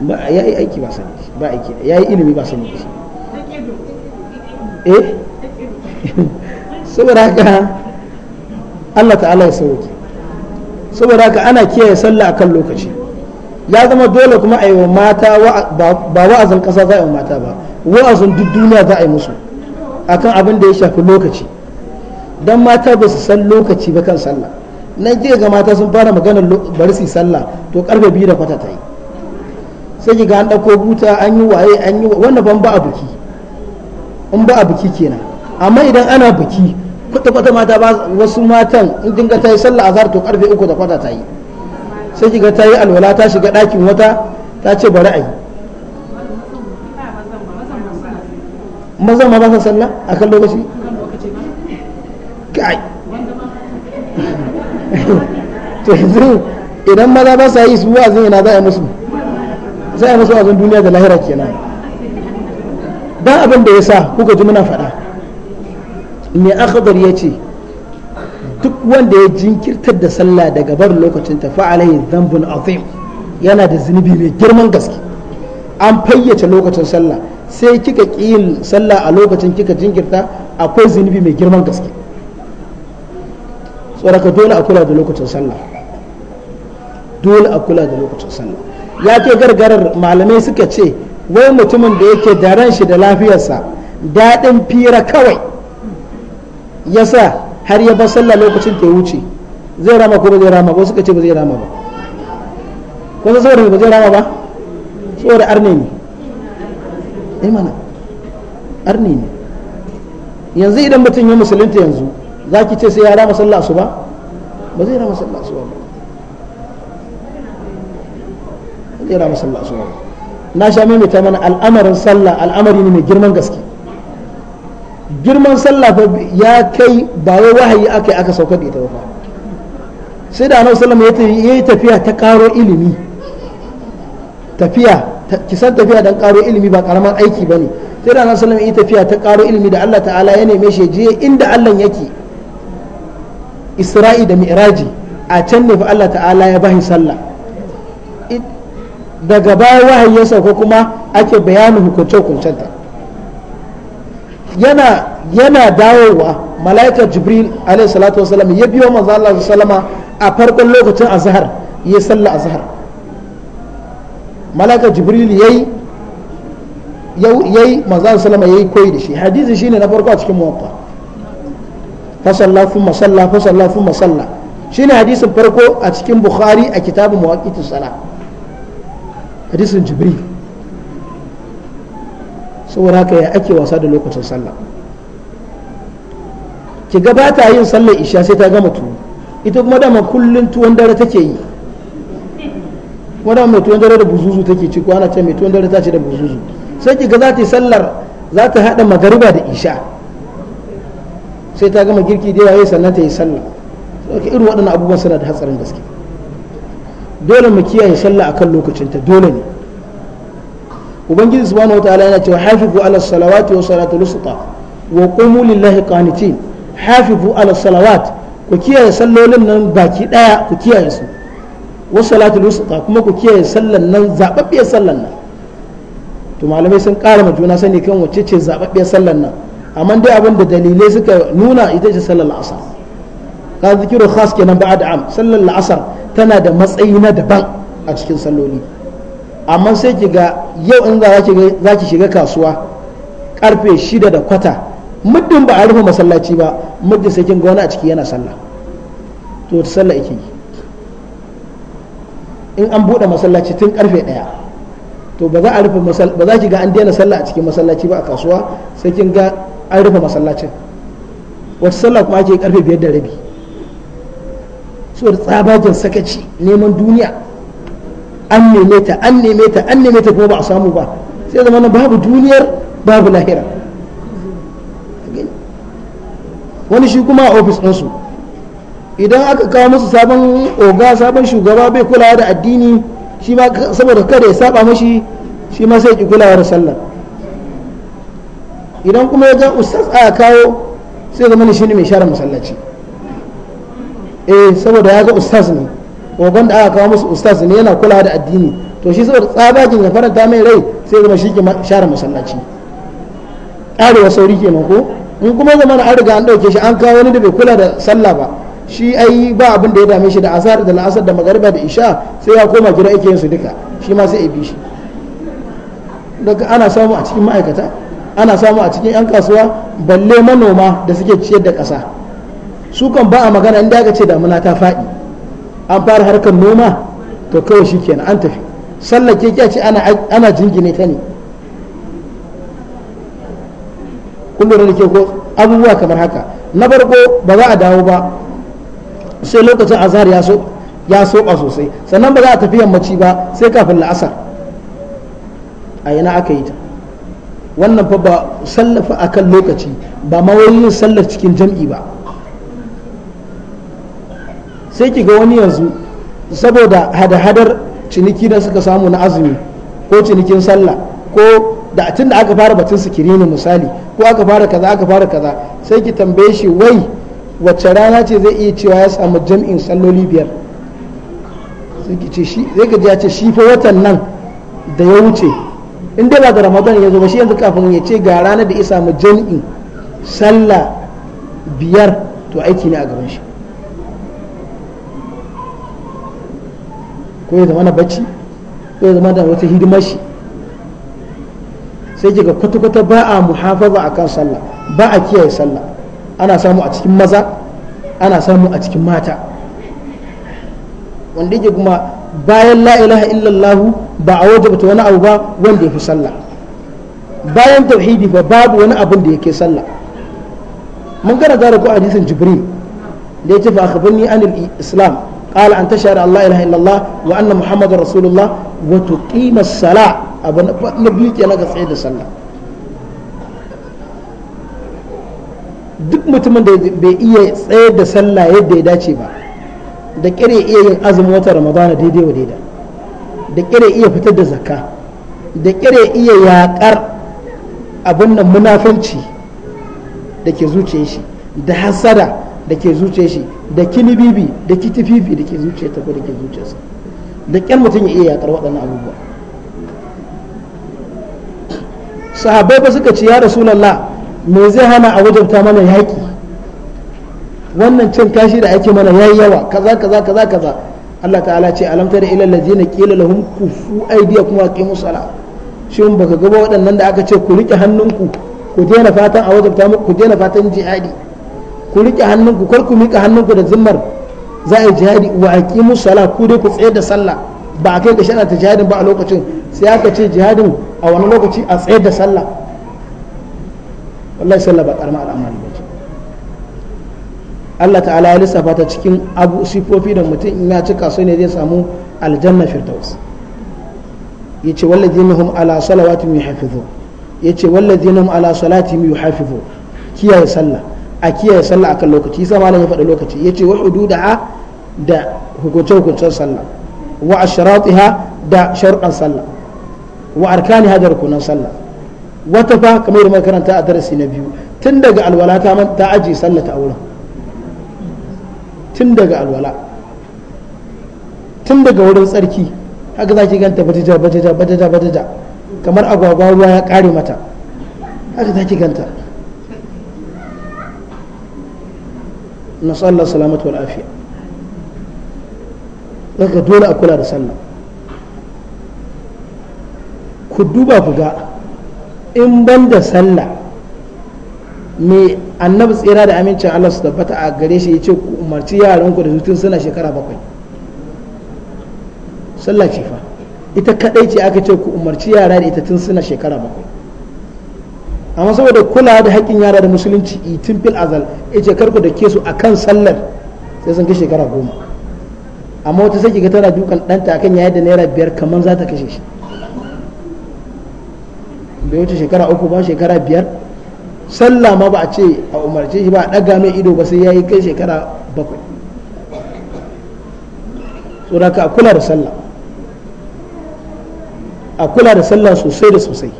ba ya yi aiki ba sani ba aiki ya yi ilimi ba sani da shi eh saboda haka Allah ta'ala ya sauki saboda haka ana kiyaye sallah akan lokaci ya zama dole kuma a yi wa mata ba wa'azin ƙasa za a yi wa mata ba wa'azin duk duniya za a yi musu akan abin da ya shafi lokaci don mata ba su san lokaci ba kan sallah nan je ga mata sun fara maganar bari su sallah to karfe biyu da kwata ta yi sai ki ga an ɗauko buta an yi waye an yi wannan ban ba a buki in ba a buki kenan amma idan ana buki kwata kwata mata ba wasu matan in dinga ta yi sallah azhar to karfe uku da kwata ta yi sai ki ga ta yi alwala ta shiga ɗakin wata ta ce bari a yi maza ma ba sa sallah a kan lokaci kai *laughs* to yanzu idan maza ba sa yi su zai yana za a yi musu za a masu wazon duniya da lahira kenan dan abin da ya sa kuka ji muna faɗa mai akhdar ya ce duk wanda ya jinkirtar da sallah daga bar lokacin tafi alaihi zambun azim yana da zunubi mai girman gaske an fayyace lokacin sallah sai kika ƙiyin sallah a lokacin kika jinkirta akwai zunubi mai girman gaske tsoraka dole a kula da lokacin sallah dole a kula da lokacin sallah ya ke gargarar malamai suka ce wai mutumin da yake da ran shi da lafiyarsa daɗin fira kawai ya sa har ya bar sallah lokacin ta wuce zai rama ko ba zai rama ba suka ce ba zai rama ba ko sai saboda ba zai rama ba saboda arne ne eh mana arne ne yanzu idan mutum ya musulunta yanzu zaki ce sai ya rama sallah su ba ba zai rama sallah su ba tsira masa Allah suna na sha maimaita mana al'amarin sallah al'amari ne mai girman gaske girman sallah fa ya kai ba wai wahayi aka yi aka saukar da ita ba sai da annabi sallallahu alaihi ya yi tafiya ta karo ilimi tafiya ki san tafiya dan karo ilimi ba karaman aiki bane sai da annabi sallallahu alaihi ya yi tafiya ta karo ilimi da Allah ta'ala ya neme shi je inda Allah yake Isra'i da Mi'raji a can ne fa Allah ta'ala ya bahi sallah daga baya wahayi ya sauka kuma ake bayanin hukunce hukuncenta yana yana dawowa mala'ika jibril alaihi salatu wasallam ya biyo manzo Allah sallama a farkon lokacin azhar ya salla azhar mala'ika jibril yayi yayi manzo Allah sallama yayi koyi da shi hadisi shine na farko a cikin muwatta fa salla thumma salla fa salla thumma salla shine hadisin farko a cikin bukhari a kitabun muwaqqitus Salah? hadisin jibri saboda haka ya ake wasa da lokacin sallah ki gabata yin sallar isha sai ta gama tuwo ita kuma dama kullun tuwon dare take yi kuma dama mai tuwon dare da buzuzu take ci ko ana ce mai tuwon dare ta ce da buzuzu sai ki ga za ta yi sallar za ta haɗa magariba da isha sai ta gama girki da yayi sannan ta yi sallah irin waɗannan abubuwan suna da hatsarin gaske dole mu kiyaye sallah akan lokacinta dole ne ubangiji subhanahu wataala yana cewa hafizu ala salawati wa salatul wusta wa qumu lillahi qanitin hafizu ala salawat ku kiyaye sallolin nan baki daya ku kiyaye su wa salatul wusta kuma ku kiyaye sallan nan zababbiyar sallan nan to malamai sun ƙara ma juna sani kan wacce ce zababbiyar sallan nan amma dai abin da dalilai suka nuna ita ce sallar asar ka zikiru khas kenan ba'da am sallar asar tana da matsayi na daban a cikin salloli amma sai ki ga yau in za ki shiga kasuwa karfe shida da kwata muddin ba a rufe masallaci ba muddin sai kin ga wani a ciki yana sallah to ta sallah yake yi in an buɗe masallaci tun karfe ɗaya to ba za a rufe ba za ki ga an daina sallah a cikin masallaci ba a kasuwa sai kin ga an rufe masallacin wata sallah kuma ake karfe biyar da rabi saboda tsabagen sakaci neman duniya an neme ta an neme ta an neme ta kuma ba a samu ba sai zama na babu duniyar babu lahira wani shi kuma a ofis ɗinsu idan aka kawo musu sabon oga sabon shugaba bai kulawa da addini shi ma saboda kada ya saba mashi shi ma sai ki kulawa da sallah idan kuma ya ga ustaz a kawo sai zama shi ne mai share masallaci eh saboda ya ga ustaz ne ogon da aka kawo musu ustaz ne yana kula da addini to shi saboda tsabagin ya faranta mai rai sai zama shi ke share masallaci arewa sauri kenan ko in kuma zama an riga an dauke shi an kawo wani da bai kula da sallah ba shi ai ba abin da ya dame shi da asar da la'asar da magariba da isha sai ya koma gida yake yin su duka shi ma sai ya bi shi daga ana samu a cikin ma'aikata ana samu a cikin 'yan kasuwa balle manoma da suke ciyar da ƙasa su kan ba a magana inda aka ce damuna ta faɗi an fara harkar noma to kawai shi kenan an tafi sallar keke ce ana jingine ta ne kullum da ke ko abubuwa kamar haka na farko ba za a dawo ba sai lokacin azar ya so ya soba sosai sannan ba za a tafi yammaci ba sai kafin la'asar a yana aka yi ta wannan fa ba sallafa akan lokaci ba ma yin sallar cikin jam'i ba sai ki ga wani yanzu saboda hada-hadar ciniki da suka samu na azumi ko cinikin sallah ko da tun da aka fara batun sikiri ne misali ko aka fara kaza aka fara kaza sai ki tambaye shi wai wacce rana ce zai iya cewa ya samu jam'in salloli biyar sai ki ce shi zai ka ce shi fa watan nan da ya wuce in dai ba da ramadan ya zo ba shi yanzu kafin ya ce ga rana da ya samu jam'in sallah biyar to aiki ne a gaban shi ko ya zama na bacci ko ya zama da wata hidima shi sai kiga kwata-kwata ba a muhafaza a kan sallah ba a kiyaye sallah ana samu a cikin maza ana samu a cikin mata wanda yake kuma bayan la ilaha illallah ba a wajabta wani abu ba wanda ya fi sallah bayan tauhidi ba babu wani abin da yake sallah mun gara gara ko hadisin jibril da ya ce fa akhbarni anil islam قال أن تشهد الله إله إلا الله وأن محمد رسول الله وتقيم الصلاة أبن نبيك يلاقى سعيد الصلاة duk mutumin da bai iya tsayar da sallah yadda ya dace ba da kire iya yin azumin wata ramadana daidai wa daida da kire iya fitar da zakka da kire iya yakar abin nan munafanci da ke zuciyar shi da hasada da ke zuce shi da bibi da kitififi da ke zuce ta ko da ke zuciyarsa da ƙyan mutum ya iya yakar waɗannan abubuwa sahabbai ba suka ce ya rasulallah me zai hana a wajabta mana yaƙi wannan cin kashi da ake mana yayi yawa kaza kaza kaza kaza Allah ta'ala ce alamta da ilal ladina qila lahum kufu aydiyakum kuma aqimu sala shin baka gaba waɗannan da aka ce ku rike hannunku ku daina fatan a wajabta ku daina fatan jihadi ku riƙe hannunku kar ku miƙa hannunku da zimmar za a yi jihadi wa a ƙi aqimu sala ku dai ku tsaye da sallah ba a kai ka shaɗa ta jihadin ba a lokacin sai aka ce jihadin a wani lokaci a tsaye da sallah wallahi sallah ba karama al'amari ba ce Allah ta'ala ya lissafa ta cikin abu sifofi da mutum in ya cika su ne zai samu aljanna firdaus yace walladhina hum ala salawatihim yuhafizun yace walladhina hum ala salatihim yuhafizun kiyaye sallah a kiyaye sallah akan lokaci yasa malam ya faɗi lokaci yace wa hududaha da hukunce hukuncen sallah wa ashratiha da sharuɗan sallah wa arkani da rukunan sallah wata fa kamar da karanta a darasi na biyu tun daga alwala ta ta aje sallah ta auren tun daga alwala tun daga wurin tsarki haka za ki ganta bajaja bajaja bajaja bajaja kamar agwagwa ruwa ya kare mata haka za ki ganta na salamat salamatu wal afiya daga dole a kula da sallah ku duba ku ga in ban da sallah me annabi tsira da amincin Allah su tabbata a gare shi ya ce ku umarci yaranku da tun suna shekara bakwai sallah ce fa ita kadai ce aka ce ku umarci yara da ita tun suna shekara bakwai amma saboda kula da haƙƙin yara da musulunci itin fil azal ce karku da ke su akan sallar sai sun kai shekara goma amma wata sai ga tana dukan ɗanta akan yayi da naira biyar kamar za ta kashe shi bai wuce shekara uku ba shekara biyar sallah ma ba a ce a umarce shi ba a ɗaga mai ido ba sai ya yi kai shekara bakwai tsoraka a kula da sallah a kula da sallah sosai da sosai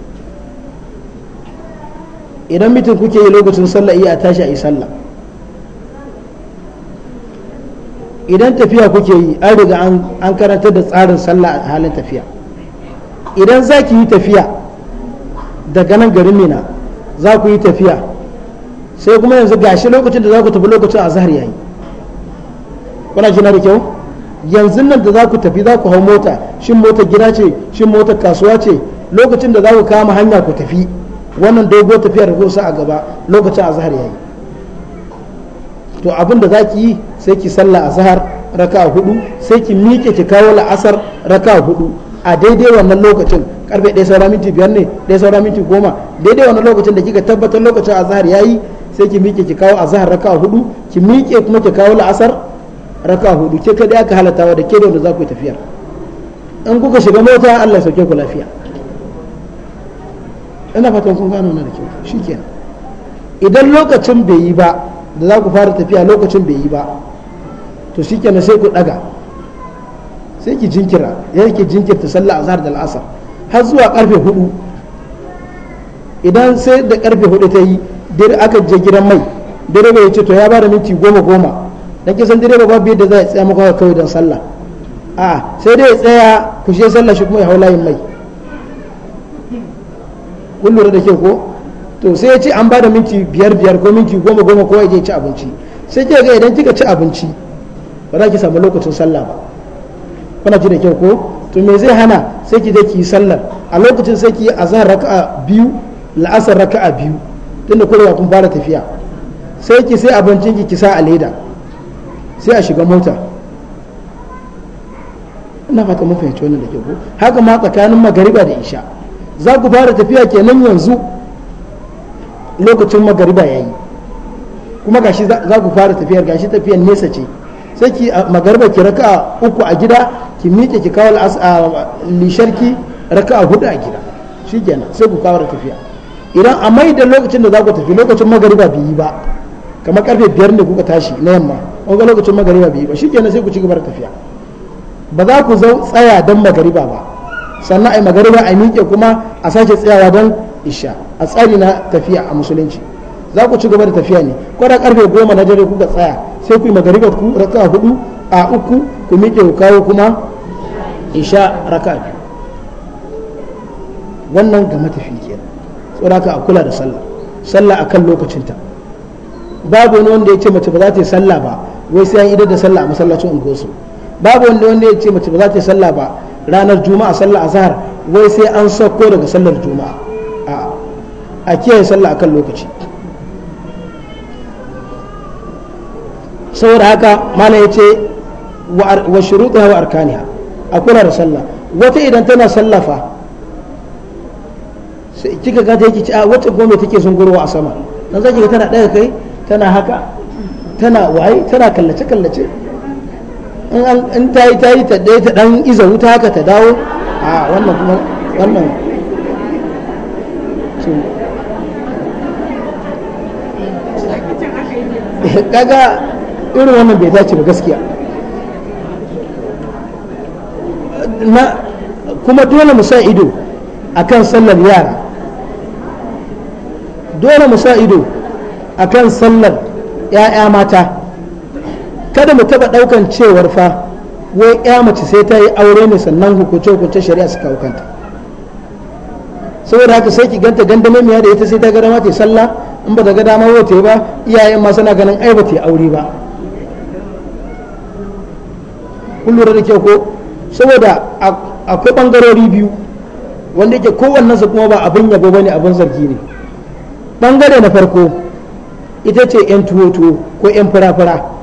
idan mitin kuke yi lokacin sallah iya a tashi a yi sallah idan tafiya kuke yi an riga an karantar da tsarin sallah a halin tafiya idan za ki yi tafiya daga nan garin mina za ku yi tafiya sai kuma yanzu gashi lokacin da za ku tafi lokacin a zahar yayi kuna jina da kyau yanzu nan da za ku tafi za ku hau mota shin mota gida ce shin mota kasuwa ce lokacin da za ku kama hanya ku tafi wannan dogo tafiyar da sa a gaba lokacin a zahar yayi to abin da zaki yi sai ki sallah zahar raka hudu sai ki miƙe ki kawo la'asar raka hudu a daidai wannan lokacin karfe ɗaya saura minti biyar ne ɗaya saura minti goma daidai wannan lokacin da kika tabbatar lokacin a zahar yayi sai ki miƙe ki kawo a zahar raka hudu ki miƙe kuma ki kawo la'asar raka hudu ke kada aka halatawa da ke da wanda za ku yi tafiyar in kuka shiga mota Allah sauke ku lafiya ina fatan sun gano na da kyau shikenan idan lokacin bai yi ba da za ku fara tafiya lokacin bai yi ba to shikenan sai ku daga sai ki jinkira ya ki jinkirta sallah azhar da al'asar har zuwa karfe hudu idan sai da karfe hudu ta yi dare aka je gidan mai direba ya ce to ya ba da minti goma goma dan kisan direba babu yadda za a tsaya maka kawai don sallah a sai dai ya tsaya ku shi sallah shi kuma ya hau layin mai kun lura da kyau ko to sai ya ce an ba da minti biyar biyar ko minti goma goma ko ya ci abinci sai ke ga idan kika ci abinci ba za ki samu lokacin sallah ba kuna ji da kyau ko to me zai hana sai ki je ki yi sallar a lokacin sai ki yi azan raka'a biyu la'asar raka'a biyu tunda kowa kun fara tafiya sai ki sai abincin ki ki sa a leda sai a shiga mota ina fata mun fahimci wannan da kyau haka ma tsakanin magariba da isha za ku fara tafiya kenan yanzu lokacin magariba ya yi kuma gashi za ku fara tafiyar gashi tafiyar nesa ce sai ki magariba ki raka uku a gida ki miƙe ki kawo lisharki raka hudu a gida shi kenan sai ku kawo tafiya idan a mai da lokacin da za ku tafi lokacin magariba bai yi ba kamar karfe biyar ne kuka tashi na yamma wanga lokacin magariba bai yi ba shi kenan sai ku ci gaba da tafiya ba za ku zau tsaya don magariba ba sannan a yi magariba a miƙe kuma a sake tsayawa don isha a tsari na tafiya a musulunci za ku ci gaba da tafiya ne ko da karfe goma na dare kuka tsaya sai ku yi magariba ku raka hudu a uku ku miƙe ku kawo kuma isha raka wannan ga matafi kenan saboda ka a kula da sallah sallah akan lokacinta babu wani wanda ya ce mace ba za ta yi sallah ba wai sai an idar da sallah a masallacin unguwarsu babu wani wanda ya ce mace ba za ta yi sallah ba ranar juma'a sallar azhar wai sai an sauko daga sallar juma'a a kiyaye sallah akan lokaci saboda haka mana ya ce wa shuruɗu wa arkaniha a kula da sallah wata idan tana sallafa kika ga ta yake a wata gome take zungurowa a sama nan zaki ga tana ɗaga kai tana haka tana waye tana kallace kallace in ta yi ta yi ta ɗaya ta ɗan iza wuta haka ta dawo a wannan kuma wannan eh, kaga irin wannan bai dace ba gaskiya na kuma dole mu sa ido a kan sallar yara dole mu sa ido a kan sallar 'ya'ya mata kada mu taba daukan cewar fa wai ya mace sai ta yi aure ne sannan hukunce hukunce shari'a suka hukanta saboda haka sai ki ganta ganda miya da ita sai ta ga dama ta sallah in ba ta ga dama ba ta ba iyayen ma suna ganin ai ba ta aure ba kun lura da kyau ko saboda akwai bangarori biyu wanda yake kuma ba abin yabo bane abin zargi ne bangare na farko ita ce yan tuwo tuwo ko yan fura fura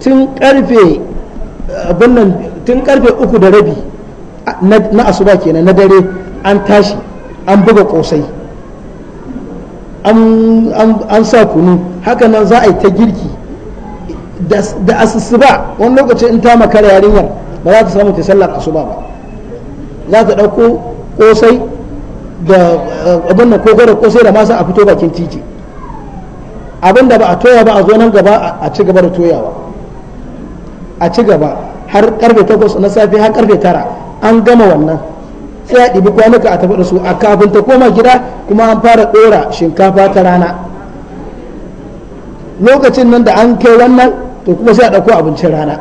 tun karfe uku da rabi na asuba kenan na dare an tashi an buga kosai an sa kunu hakanan za a yi ta girki da asusuba wani lokaci in ta makara yarinyar ba za ta samu ta sallar asuba ba za ta ɗauko kosai da abin nan kogoro kosai da masa a fito bakin titi abin da ba a toya ba a zo nan gaba a ci gaba da toyawa a ci gaba har karfe takwas na safe har karfe tara an gama wannan sai a ɗibi kwanuka a tafi da su a kafin ta koma gida kuma an fara ɗora shinkafa ta rana lokacin nan da an kai wannan to kuma sai a ɗauko abincin rana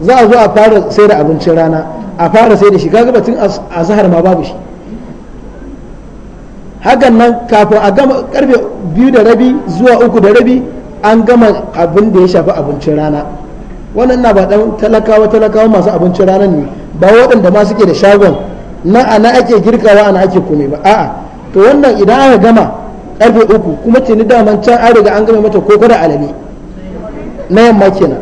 za a zo a fara sai da abincin rana a fara sai da shi kaga batun zahar ma babu shi hakan nan kafin a gama karfe biyu da rabi zuwa uku da rabi an gama abin da ya shafi abincin rana wannan na ba dan talakawa talakawa masu abincin rana ne ba waɗanda ma suke da shagon na ana ake girkawa ana ake komai ba a'a to wannan idan aka gama karfe uku kuma tuni daman can an riga an gama mata koko da alami na yamma kenan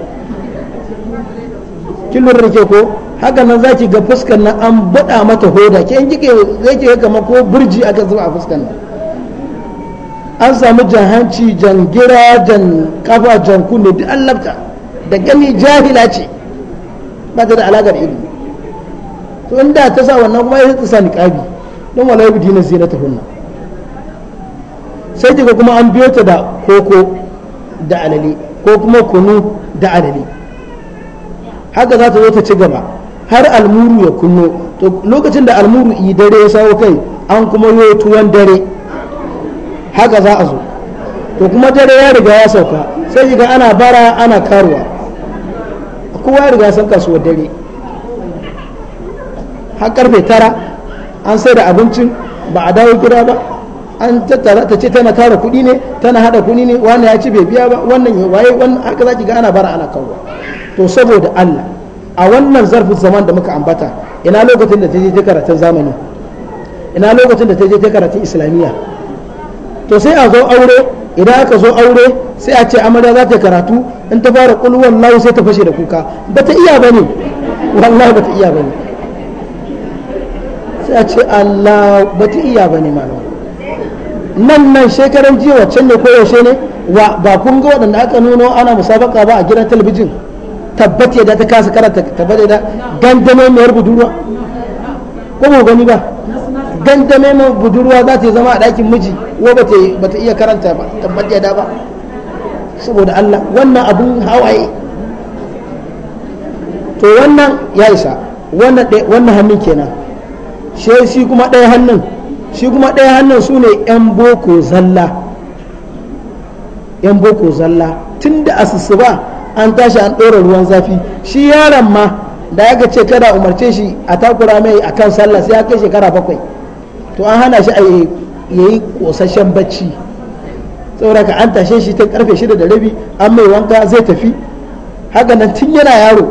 kin lura da ke ko haka nan za ga fuskan nan an buɗa mata hoda ke in kike zai ke kamar ko burji aka zuba a fuskan nan an samu jahanci jan gira jan kafa jan kunne duk an labta da gani jahila ce ba ta da da ilimi to inda ta sa wannan kuma ya ta sa niqabi don wala yabi dinin zina ta hunna sai daga kuma an biyo ta da koko da alale ko kuma kunu da alale haka za ta zo ta ci gaba har almuru ya kunno to lokacin da almuru idare dare ya sawo kai an kuma yi tuwon dare haka za a zo to kuma dare ya riga ya sauka sai ga ana bara ana karuwa kowa ya riga san kasuwar dare har karfe tara an sai da abincin ba a dawo gida ba an tattara ta ce tana tara kuɗi ne tana hada kuɗi ne wannan ya ci bai biya ba wannan ya waye wannan haka za ki ga ana bara ana karuwa to saboda Allah a wannan zarfin zaman da muka ambata ina lokacin da ta je ta karatun zamani ina lokacin da ta je ta karatun islamiyya to sai a zo aure idan aka zo aure sai a ce amarya za ta karatu in ta fara kul wallahu sai ta fashe da kuka ba ta iya bane wallahi ba ta iya bane sai a ce Allah ba ta iya bane malam nan nan shekaran jiya waccan ne ko yaushe ne wa ba kun ga waɗanda aka nuno ana musabaka ba a gidan talabijin tabbata da ta kasa karanta tabbata da gandamai mai budurwa ko ba gani ba gangame mai budurwa za ta zama a ɗakin miji wa ba ta iya karanta ba tabbat yada ba saboda Allah wannan abun hawaye to wannan ya isa wannan hannun kenan shi kuma ɗaya hannun shi kuma ɗaya hannun su ne 'yan boko zalla 'yan boko zalla tun da asusu ba an tashi an ɗora ruwan zafi shi yaron ma da ya ce kada umarce shi a takura mai akan sallah sai ya kai shekara bakwai to an hana shi a yi kosashen bacci saboda ka an tashe shi ta karfe shida da rabi an mai wanka zai tafi haka nan tun yana yaro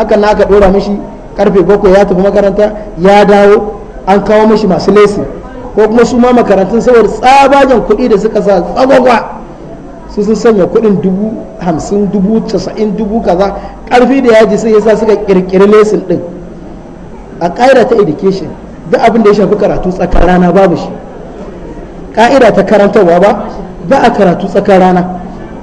haka na aka dora mishi karfe bakwai ya tafi makaranta ya dawo an kawo mishi masu lesi ko kuma su ma makarantun saboda tsabagen kuɗi da suka sa tsagwagwa su sun sanya kuɗin dubu hamsin dubu casa'in dubu kaza karfi da yaji sai yasa suka ƙirƙiri lesin ɗin a ƙaira ta education duk abin da ya shafi karatu tsakar rana babu shi ka'ida ta karantarwa ba ba a karatu tsakar rana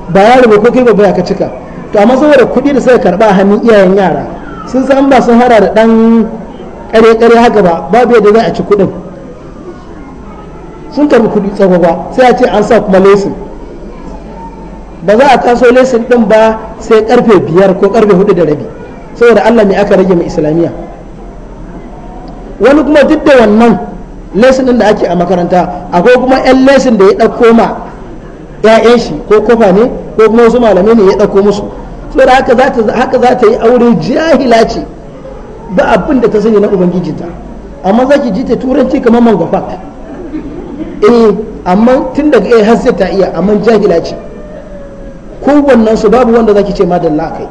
ba ya ba ko kai ba ya ka cika to amma saboda kuɗi da suka karba a hannun iyayen yara sun san ba sun hada da ɗan ƙare-ƙare haka ba babu yadda za a ci kuɗin sun karbi kuɗi tsawo ba sai a ce an sa kuma lesin ba za a kaso lesin ɗin ba sai karfe biyar ko karfe hudu da rabi saboda allah ne aka rage mai islamiyya wani kuma duk da wannan lesson din da ake a makaranta akwai kuma yan lesson da ya ɗauko ma ƴaƴan shi ko kofa ne ko kuma wasu malamai ne ya ɗauko musu saboda haka za haka za ta yi aure jahila ce ba abin da ta sani na ubangijinta amma za ki ji ta turanci kamar fak eh amma tun daga eh har sai ta iya amma jahila ce wannan su babu wanda zaki ce madalla kai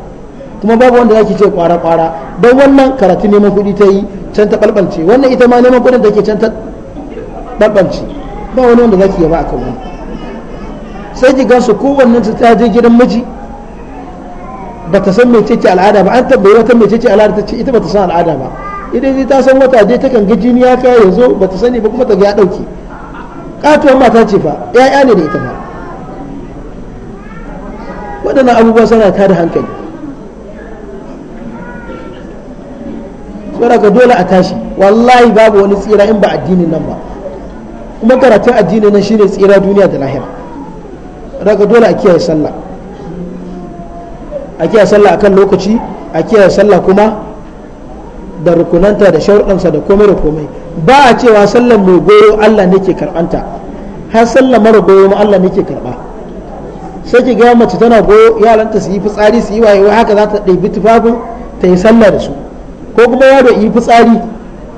kuma babu wanda zaki ce kwara kwara don wannan karatu neman kuɗi ta yi can ta balbalce wannan ita ma neman kuɗin take can ta balbalce ba wani wanda zaki yaba akan wani sai ki gansu kowannen su ta je gidan miji ba ta san ce al'ada ba an tabbayi wata ce al'ada ta ce ita ba ta san al'ada ba idan ta san wata dai takan ga jini ya kai yanzu ba ta sani ba kuma ta ga ya dauke katuwar mata ce fa ya'ya ne da ita ba waɗannan abubuwa suna tada hankali yana ga dole a tashi wallahi babu wani tsira in ba addinin nan ba kuma karatun addini nan shine tsira duniya da lahira daga dole a kiyaye sallah a kiyaye sallah akan lokaci a kiyaye sallah kuma da rukunanta da shawarɗansa da komai da komai ba a cewa sallar mai goyo Allah ne nake karɓanta har sallar mara goyo ma Allah nake karɓa sai ki ga mace tana goyo yaranta su yi fitsari su yi wayewa haka za ta ɗabi tufafin ta yi sallah da su ko kuma da yi fitsari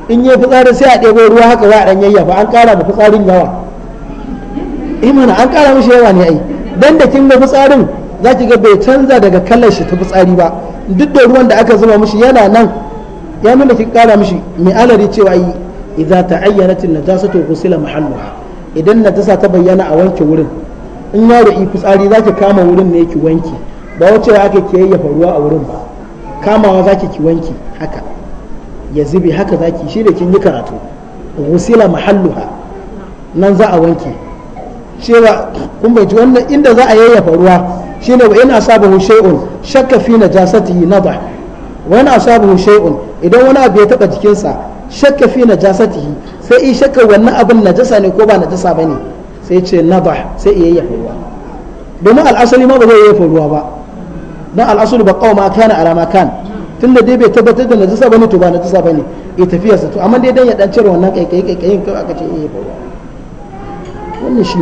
in yi fitsari sai a ɗebo ruwa haka za a ɗan yayyafa an ƙara ma fitsarin yawa imana eh an ƙara mishi yawa ne ai dan da kin ga fitsarin za ki ga bai canza daga kallon shi ta fitsari ba duk da ruwan da aka zuba mishi yana nan ya nuna kin ƙara mishi mai alari cewa yi idza ta'ayyanat an-najasatu ghusila mahalluha idan najasa ta bayyana a wanke wurin in ya da yi fitsari za ki kama wurin ne ki wanke ba wacewa aka ke yayyafa ruwa a wurin ba kamawa za ki ki wanke haka ya zube haka zaki shi da kin yi karatu gusila mahalluha nan za a wanke cewa kun bai wannan inda za a yayyafa ruwa shine wa ina sabahu shay'un shakka fi najasatihi nadha wa ina sabahu shay'un idan wani abu ya taba jikinsa shakka fi najasatihi sai i shakka wannan abin najasa ne ko ba najasa bane sai ce nadha sai yayyafa ruwa domin al'asali ma ba zai yayyafa ruwa ba dan al'asulu ba qauma kana alama kan tunda dai bai tabbatar da najasa bane to ba najasa bane ya eh, tafiya sa to amma dai dan ya dan cire wannan kai kai kai kai aka ce eh ba wannan shi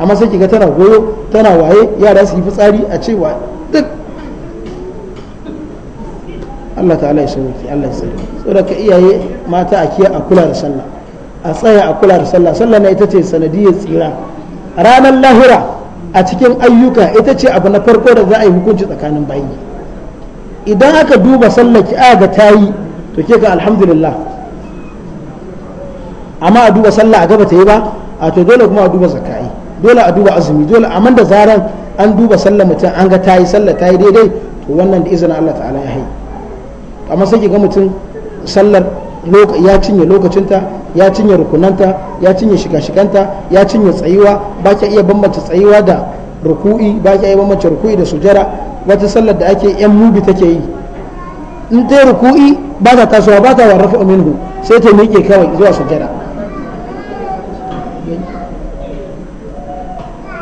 amma sai kiga tana goyo tana waye yara su yi fitsari a cewa duk Allah ta'ala ya sauki Allah ya sauki saboda ka iyaye mata a kiya a kula da sallah a tsaya a kula da sallah sallah na ita ce sanadiyar tsira ranar lahira a cikin ayyuka ita ce abu na farko da za a yi hukunci tsakanin bayi idan aka duba sallar ki aga ta yi to ke ga alhamdulillah amma a duba sallah a gaba ta yi ba a to dole kuma a duba zakai dole a duba azumi dole amma da zaran an duba sallar mutum an ga ta yi sallar ta yi daidai to wannan da izinin Allah ta'ala ya yi amma sai ki ga mutum sallar ya cinye lokacinta ya cinye rukunanta ya cinye shiga-shiganta ya cinye tsayuwa ba ki iya bambanta tsayuwa da ruku'i ba ki iya bambanta ruku'i da sujara wata sallar da ake yan mubi take yi in ta ruku'i ba ta tasowa ba ta wa rafa minhu sai ta miƙe kawai zuwa sujjada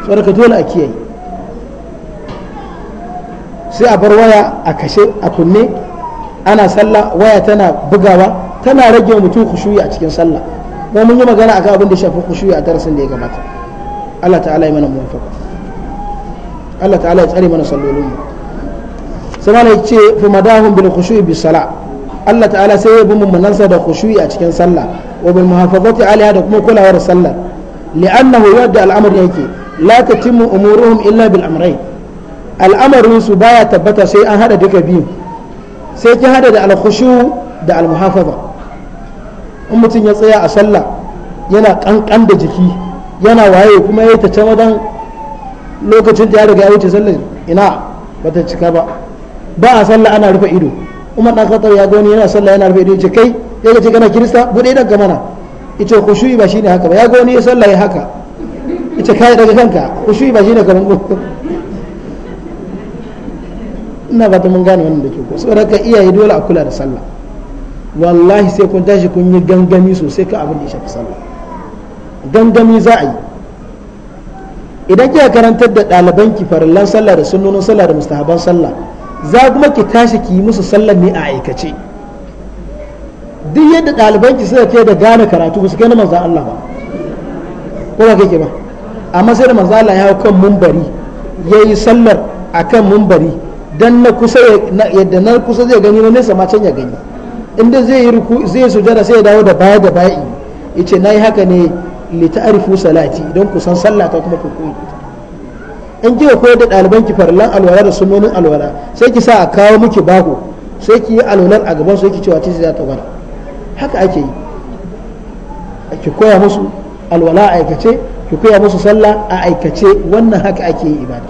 tsoraka dole a kiyaye sai a bar waya a kashe a kunne ana sallah waya tana bugawa tana rage mutum khushuyi a cikin sallah kuma mun yi magana akan abin da shafi khushuyi a darasin da ya gabata Allah ta'ala ya mana muwafaqa Allah ta'ala ya tsare mana sallolinmu sai mana ce fa madahum bil khushu'i sala Allah ta'ala sai ya bi mummunansa da khushu'i a cikin sallah wa bil muhafazati alaiha da kuma kulawar sallah li'annahu yadda al'amr yake la tatimmu umuruhum illa bil amrayn al'amarin su baya tabbata sai an hada duka biyu sai kin hada da al khushu da al muhafaza in mutum ya tsaya a sallah yana kankan da jiki yana waye kuma ya ta wajen lokacin da ya riga ya wuce sallar ina bata cika ba ba a sallah ana rufe ido umar dan khattab ya goni yana sallah yana rufe ido yace kai ya ga kana kirista bude idan ga mana yace khushu'i ba shine haka ba ya goni ya sallah ya haka yace kai daga kanka khushu'i ba shine kaman ko ina ba ta mun gane wannan da ke ko saboda ka iyaye dole a kula da sallah wallahi sai kun tashi kun yi gangami sosai ka abin da ya shafi sallah gangami za a yi idan kika karantar da ɗalibanki farillan sallah da sunnonin sallah da mustahaban sallah za kuma ki tashi ki yi musu sallar ne a aikace duk yadda ɗaliban ki suka kai da gane karatu ba su gani manzan Allah ba ko ba kake ba amma sai da manzan Allah ya hau kan mumbari ya yi sallar a kan mumbari dan na kusa yadda na kusa zai gani na nesa ma can ya gani inda zai yi ruku zai sujada sai ya dawo da baya da bayi na yi haka ne li salati don kusan san sallata kuma ku koyi in kika koyar da ɗaliban ki farlan alwala da sunonin alwala sai ki sa a kawo miki bako sai ki yi alwalar a gaban sai ki cewa ce za ta gwada haka ake yi ki koya musu alwala a aikace ki koya musu sallah a aikace wannan haka ake yi ibada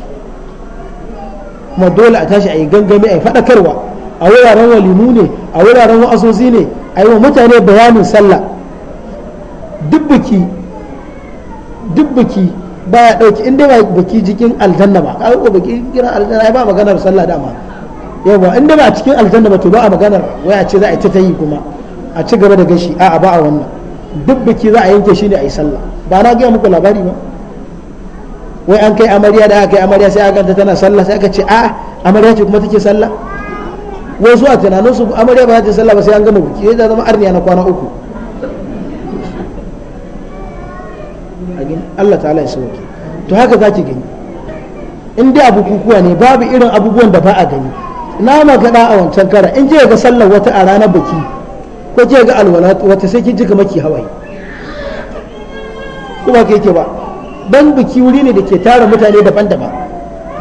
kuma dole a tashi a yi gangami a yi faɗakarwa a wuraren walimu ne a wuraren wa'azozi ne a yi wa mutane bayanin sallah duk biki duk biki baya dauki in dai ba baki jikin aljanna ba ka ko baki jikin aljanna ba maganar sallah dama yau ba inda ba cikin aljanna ba to ba a maganar waya a ce za a yi ta yi kuma a ci gaba da gashi a ba a wannan duk baki za a yanke shi ne a yi sallah ba na gaya muku labari ba wai an kai amarya da aka kai amarya sai aka tana sallah sai aka ce a amarya ce kuma take sallah wasu a tunanin su amarya ba ta sallah ba sai an gama biki sai ta zama arniya na kwana uku gani Allah ta'ala ya sauke to haka za ki gani in dai abu kukuwa ne babu irin abubuwan da ba a gani na magana a wancan kara in je ga sallar wata a ranar baki ko je ga alwala wata sai kin ji kamar ki hawaye kuma ke ke ba dan biki wuri ne da ke tara mutane daban-daban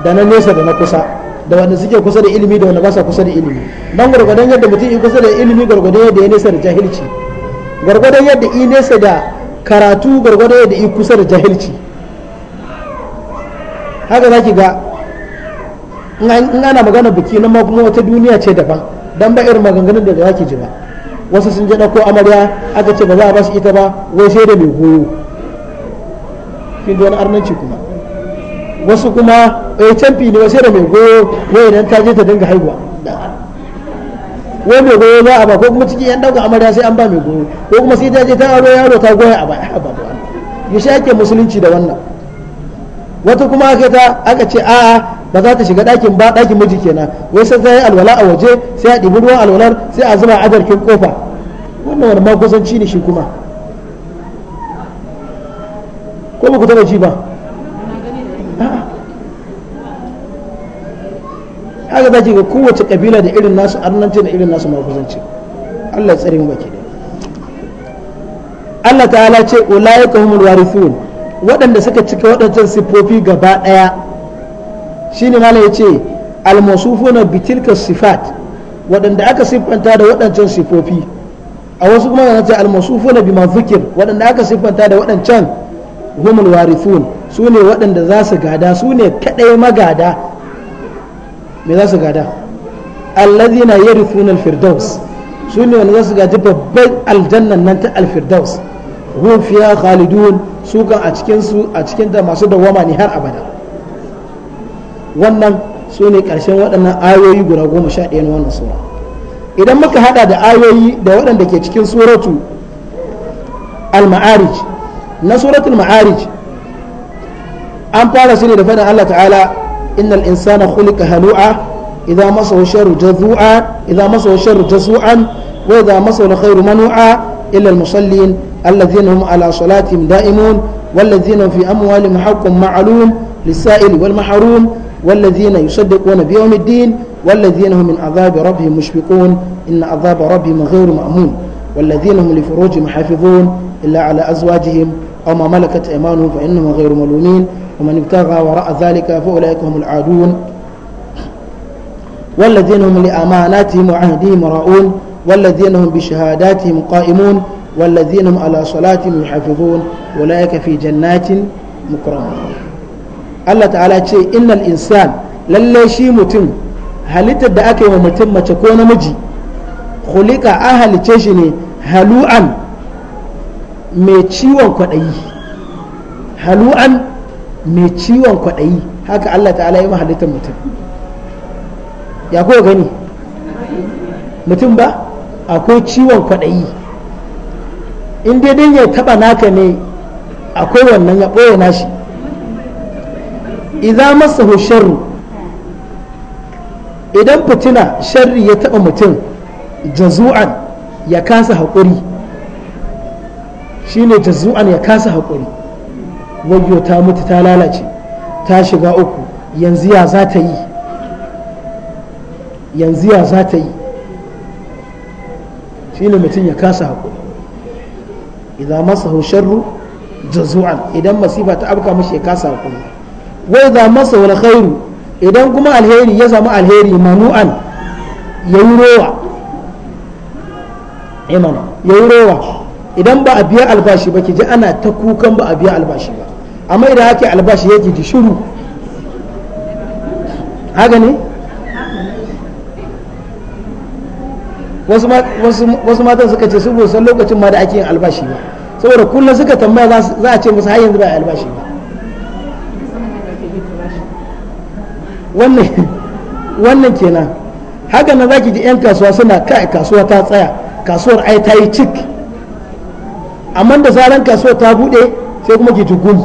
da na nesa da na kusa da wanda suke kusa da ilimi da wanda ba sa kusa da ilimi dan gwargwadon yadda mutum ya kusa da ilimi gwargwadon yadda ya nesa da jahilci gwargwadon yadda in nesa da karatu gwargwado yadda yi kusa da jahilci haka za ki ga in ana magana biki na kuma wata duniya ce daban don ba irin maganganun da za ki ji ba wasu sun je ko amarya aka ce ba za a ba su ita ba wai sai da mai goyo kin wani arnanci kuma wasu kuma eh canfi ne wai sai da mai goyo wai idan ta je ta dinga haihuwa wai goyo ba ba ko kuma cikin yan dauka amarya sai an ba mai goyo ko kuma sai ta je ta aro yaro ta goya a baya ba ya shi ake musulunci da wannan wata kuma aka ta aka ce a ba za ta shiga dakin ba dakin miji kenan wai sai zai alwala a waje sai a ɗibi ruwan alwalar sai a zuba a jarkin kofa wannan wani makusanci ne shi kuma ko ba ku ji ba haka zaki ga kowace kabila da irin nasu annanci da irin nasu mafuzanci Allah tsare mu baki Allah ta'ala ce ulaika humul warithun waɗanda suka cika waɗancan siffofi gaba ɗaya shine mala yace al-mawsufuna bi tilka sifat waɗanda aka siffanta da waɗancan siffofi a wasu kuma yana ce al bi bima dhukir waɗanda aka siffanta da waɗancan humul warithun su ne waɗanda za su gada su ne kaɗai magada me za su gada yari yarithuna firdaus su ne wanda za su gaji babban aljannan nan ta alfirdaus hum fiya khalidun su kan a cikin su a cikin da masu dawama ne har abada wannan su ne karshen waɗannan ayoyi guda goma sha ɗaya na wannan sura idan muka hada da ayoyi da waɗanda ke cikin suratu al-ma'arij na suratul ma'arij an fara su ne da faɗin Allah ta'ala إن الإنسان خلق هلوعا إذا مسه الشر جزوعا إذا مسه الشر جزوعا وإذا مسه الخير منوعا إلا المصلين الذين هم على صلاتهم دائمون والذين في أموالهم حق معلوم للسائل والمحروم والذين يصدقون بيوم الدين والذين هم من عذاب ربهم مشفقون إن عذاب ربهم غير مأمون والذين هم لفروجهم حافظون إلا على أزواجهم أو ما ملكت أيمانهم فإنهم غير ملومين ومن ابتغى وراء ذلك فأولئك هم العادون والذين هم لأماناتهم وعهدهم راؤون والذين هم بشهاداتهم قائمون والذين هم على صلاتهم يحافظون أولئك في جنات مكرمون Allah ta'ala ce innal insan lalle shi mutum halittar da aka yi wa mutum mace ko namiji hulika an halice shi ne halu'an mai ciwon kwaɗayi halu'an mai ciwon kwaɗayi haka Allah ta'ala yi mahalittar mutum ya kuwa gani mutum ba akwai ciwon kwaɗayi in dai ya taɓa naka ne akwai wannan ya ɓoye nashi idan masa sharru idan fitina sharri ya taɓa mutum jazu'an ya kasa haƙuri Shi ne jazu'an ya kasa haƙuri wayyo ta mutu ta lalace ta shiga uku yanzu ya za ta yi yanzu ya za ta yi shi ne mutum ya kasa haƙuri idan masa sharru jazu'an idan masifa ta abka mashi ya kasa haƙuri wai za masa wani khairu idan kuma alheri ya zama alheri manu'an ya yi rowa ya yi rowa idan ba a biya albashi ba ki ji ana ta kukan ba a biya albashi ba amma idan haka albashi yake ji shiru haka ne wasu matan suka ce saboda san lokacin ma da ake yin albashi ba saboda kullum suka tambaya za a ce musu har yanzu ba albashi ba wannan kenan haka nan ki ji 'yan kasuwa suna kai kasuwa ta tsaya kasuwar ai ta yi cik amma da zaran kasuwar ta bude sai kuma ki ji gumi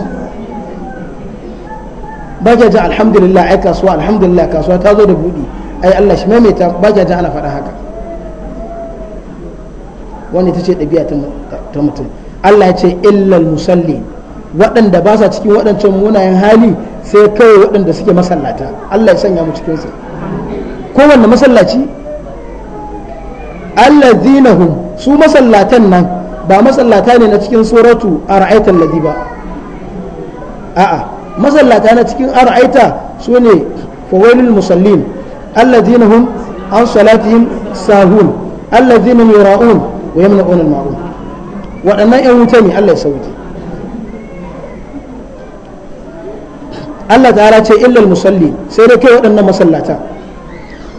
ba alhamdulillah ai kasuwa alhamdulillah kasuwa ta zo da buɗi ai Allah shi maimaita ta kya ana faɗa haka wani ta ce ɗabi'a ta mutum Allah ya ce illal musalli waɗanda ba sa cikin waɗancan munayen hali sai kawai waɗanda suke masallata Allah ya sanya mu cikinsu kowanne masallaci allazinahum su masallatan nan ba masallata ne na cikin suratu a ra'aitan ladi ba a'a masallata na cikin ar'aita su ne fawailul musallin alladhina hum an salatihim sahun alladhina yura'un wa yamna'un al ma'un. waɗannan ƴan wuta ne Allah ya sauke Allah ta'ala ce illal musalli sai dai kai waɗannan masallata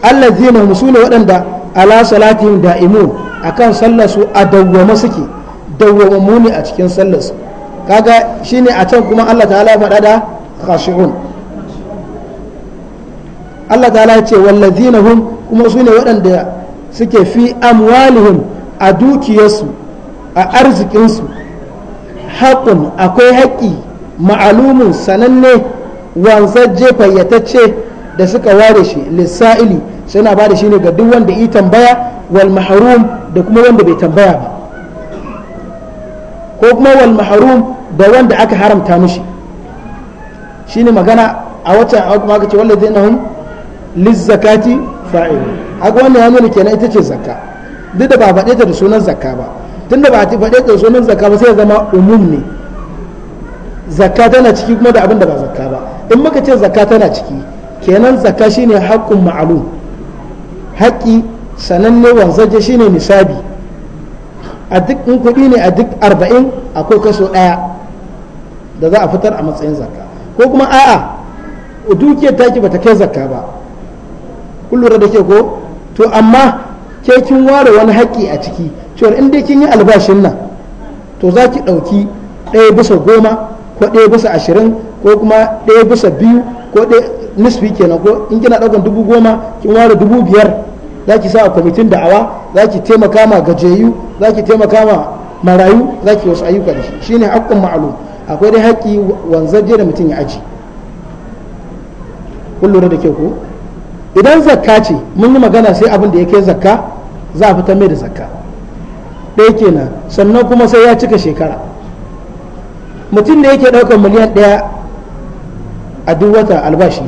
alladhina hum su ne waɗanda ala salatihim da'imun akan sallar su a dawwama suke dawwama muni a cikin sallar su kaga shine a can kuma Allah ta'ala ya faɗa da khashi'un Allah ta'ala ya ce wallazina hum kuma su ne waɗanda suke fi amwalihim a dukiyarsu a arzikinsu haƙun akwai haƙƙi ma'alumin sananne ta fayyatacce da suka ware shi lissa'ili suna ba da shi ne ga duk wanda yi tambaya wal mahrum da kuma wanda bai tambaya ba ko kuma wal mahrum da wanda aka haramta mishi shine magana a wata kuma aka ce wanda zai nahun lizzakati fa'ilu haka ne ya nuna kenan ita ce zakka duk da ba faɗe ta da sunan zakka ba tunda ba a faɗe ta da sunan zakka ba sai ya zama umum ne zakka tana ciki kuma da abin da ba zakka ba in muka ce zakka tana ciki kenan zakka shine haƙƙun ma'alum haƙƙi sananne wanzaje shine nisabi a duk in kuɗi ne a duk arba'in akwai kaso ɗaya da za a fitar a matsayin zakka ko kuma a'a dukiyar taki bata kai zakka ba kullura da ke ko to amma ke kin ware wani haƙƙi a ciki cewar in dai kin yi albashin nan to za ki ɗauki ɗaya bisa goma ko ɗaya bisa ashirin ko kuma ɗaya bisa biyu ko ɗaya nisfi kenan ko in kina ɗaukan dubu goma kin ware dubu biyar za ki sa a kwamitin da'awa za ki taimaka ma gajeyu za ki taimaka ma marayu za ki wasu ayyuka da shi ne haƙƙun ma'alu akwai dai haƙƙi wanzaje da mutum ya aji kun lura da ke ko idan zakka ce mun yi magana sai abin da ya kai zakka za a fitar mai da zakka ɗaya kenan sannan kuma sai ya cika shekara mutum da yake ɗaukar miliyan ɗaya a duk wata albashi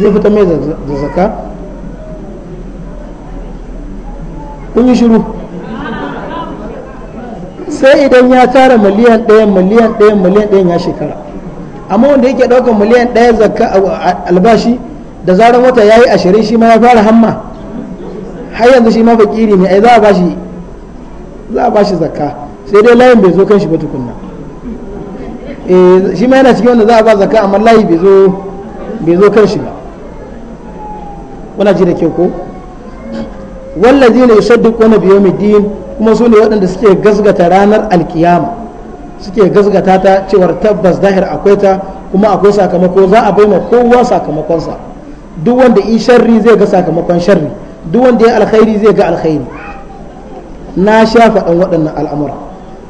zai fitar mai da zakka kun yi shiru sai idan ya tara miliyan ɗaya miliyan ɗaya miliyan ɗaya ya shekara amma wanda yake ɗaukar miliyan ɗaya zakka albashi da zaran wata ya yi ashirin shi ma ya fara hamma har yanzu shi ma fakiri ne ai za a bashi za a bashi zakka sai dai layin bai zo kan shi ba tukunna eh, shi ma yana cikin wanda za a ba zakka amma layi bai zo kan shi ba kuna ji da kyau ko wallazi ne na biyo din kuma su ne waɗanda suke gasgata ranar alkiyama suke gasgata ta cewar tabbas zahir akwai ta kuma akwai sakamako za a bai ma kowa sakamakonsa duk wanda in sharri zai ga sakamakon sharri duk wanda ya alkhairi zai ga alkhairi na sha waɗannan al'amura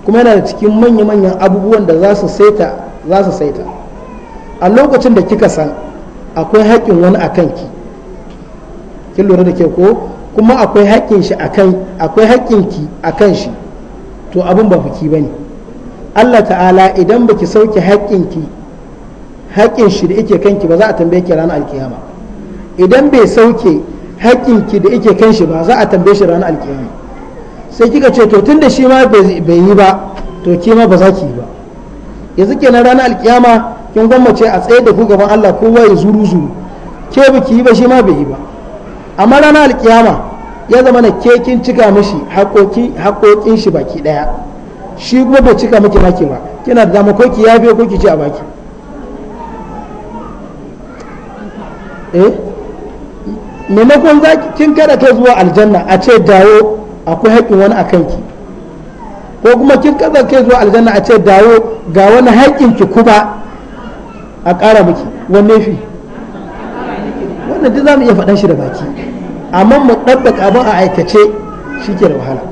kuma yana da cikin manya-manyan abubuwan da za su saita za su saita a lokacin da kika san akwai haƙƙin wani akan ki kin lura da ke ko kuma akwai haƙƙin shi akan akwai hakkin ki akan shi to abin ba fiki bane Allah ta'ala idan baki sauke hakkin ki haƙƙin shi da yake kanki ba za a tambaye ki ranar alkiyama idan bai sauke hakkin ki da yake kan shi ba za a tambaye shi ranar alkiyama sai kika ce to tunda shi ma bai yi ba to ki ma ba za ki yi ba yanzu kenan ranar alkiyama kin gwammace a tsaye da ku gaban Allah kowa ya zuru zuru ke baki yi ba shi ma bai yi ba amma ranar alkiyama ya zama na kekin cika mishi haƙoƙin shi baki ɗaya shi kuma bai cika miki maki ba kina da dama ko ki yafe ko ki ci a baki eh maimakon za kin kada kai zuwa aljanna a ce dawo akwai haƙƙin wani a kanki ko kuma kin kada kai zuwa aljanna a ce dawo ga wani haƙƙin ki kuma a ƙara miki wanne fi wannan duk za mu iya faɗan shi da baki amma mu ɗabbaka ba a aikace shi ke da wahala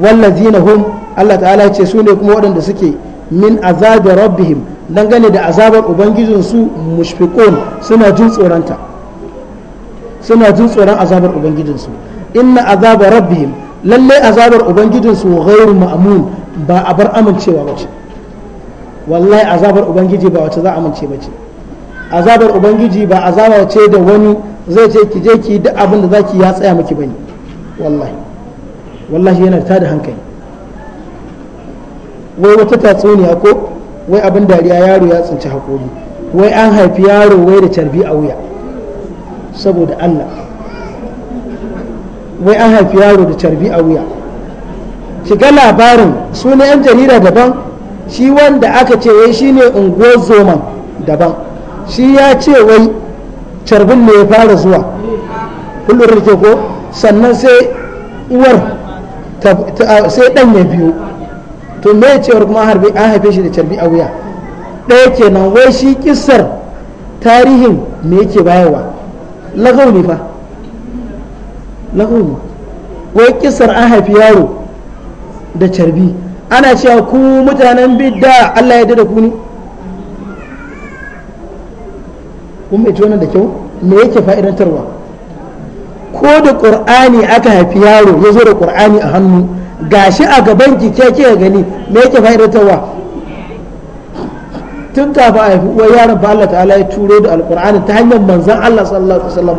wallazina hun Allah ta'ala ce su ne kuma waɗanda suke min azabi rabbihim dangane da azabar ubangijinsu mushfiqun suna jin tsoronta suna jin tsoron azabar ubangijinsu inna azaba rabbihim lalle azabar ubangijinsu ghairu ma'mun ba a bar amincewa ba ce wallahi azabar ubangiji ba wace za a amince ba azabar ubangiji ba azaba ce da wani zai ce ki je ki duk abin da zaki ya tsaya miki bane wallahi wallahi yana tada hankali wai wata tatsuniya ko wai abin dariya yaro ya tsinci hakuri wai an haifi yaro wai da carbi a wuya saboda Allah wai an haifi yaro da carbi a wuya shiga labarin su na 'yan jarida daban shi wanda aka ce wai ne unguwar zoma daban shi ya ce wai carbin ne ya fara zuwa kullum ke ko sannan sai uwar sai dan ya biyo to me ya cewar kuma harbi an haife shi da carbi a wuya ɗaya kenan wai shi kisar tarihin me yake bayarwa lagau ne fa lagau ne wai kisar an haifi yaro da carbi ana cewa ku mutanen bidda Allah ya da ku ne kun mai wannan da kyau me yake fa'idantarwa ko da qur'ani aka haifi yaro ya zo da qur'ani a hannu gashi a gaban ki ke ke gani me yake fa'idantarwa tun kafin a haifi uwar yaron ba Allah ta'ala ya turo da alqur'ani ta hanyar manzon Allah sallallahu alaihi wasallam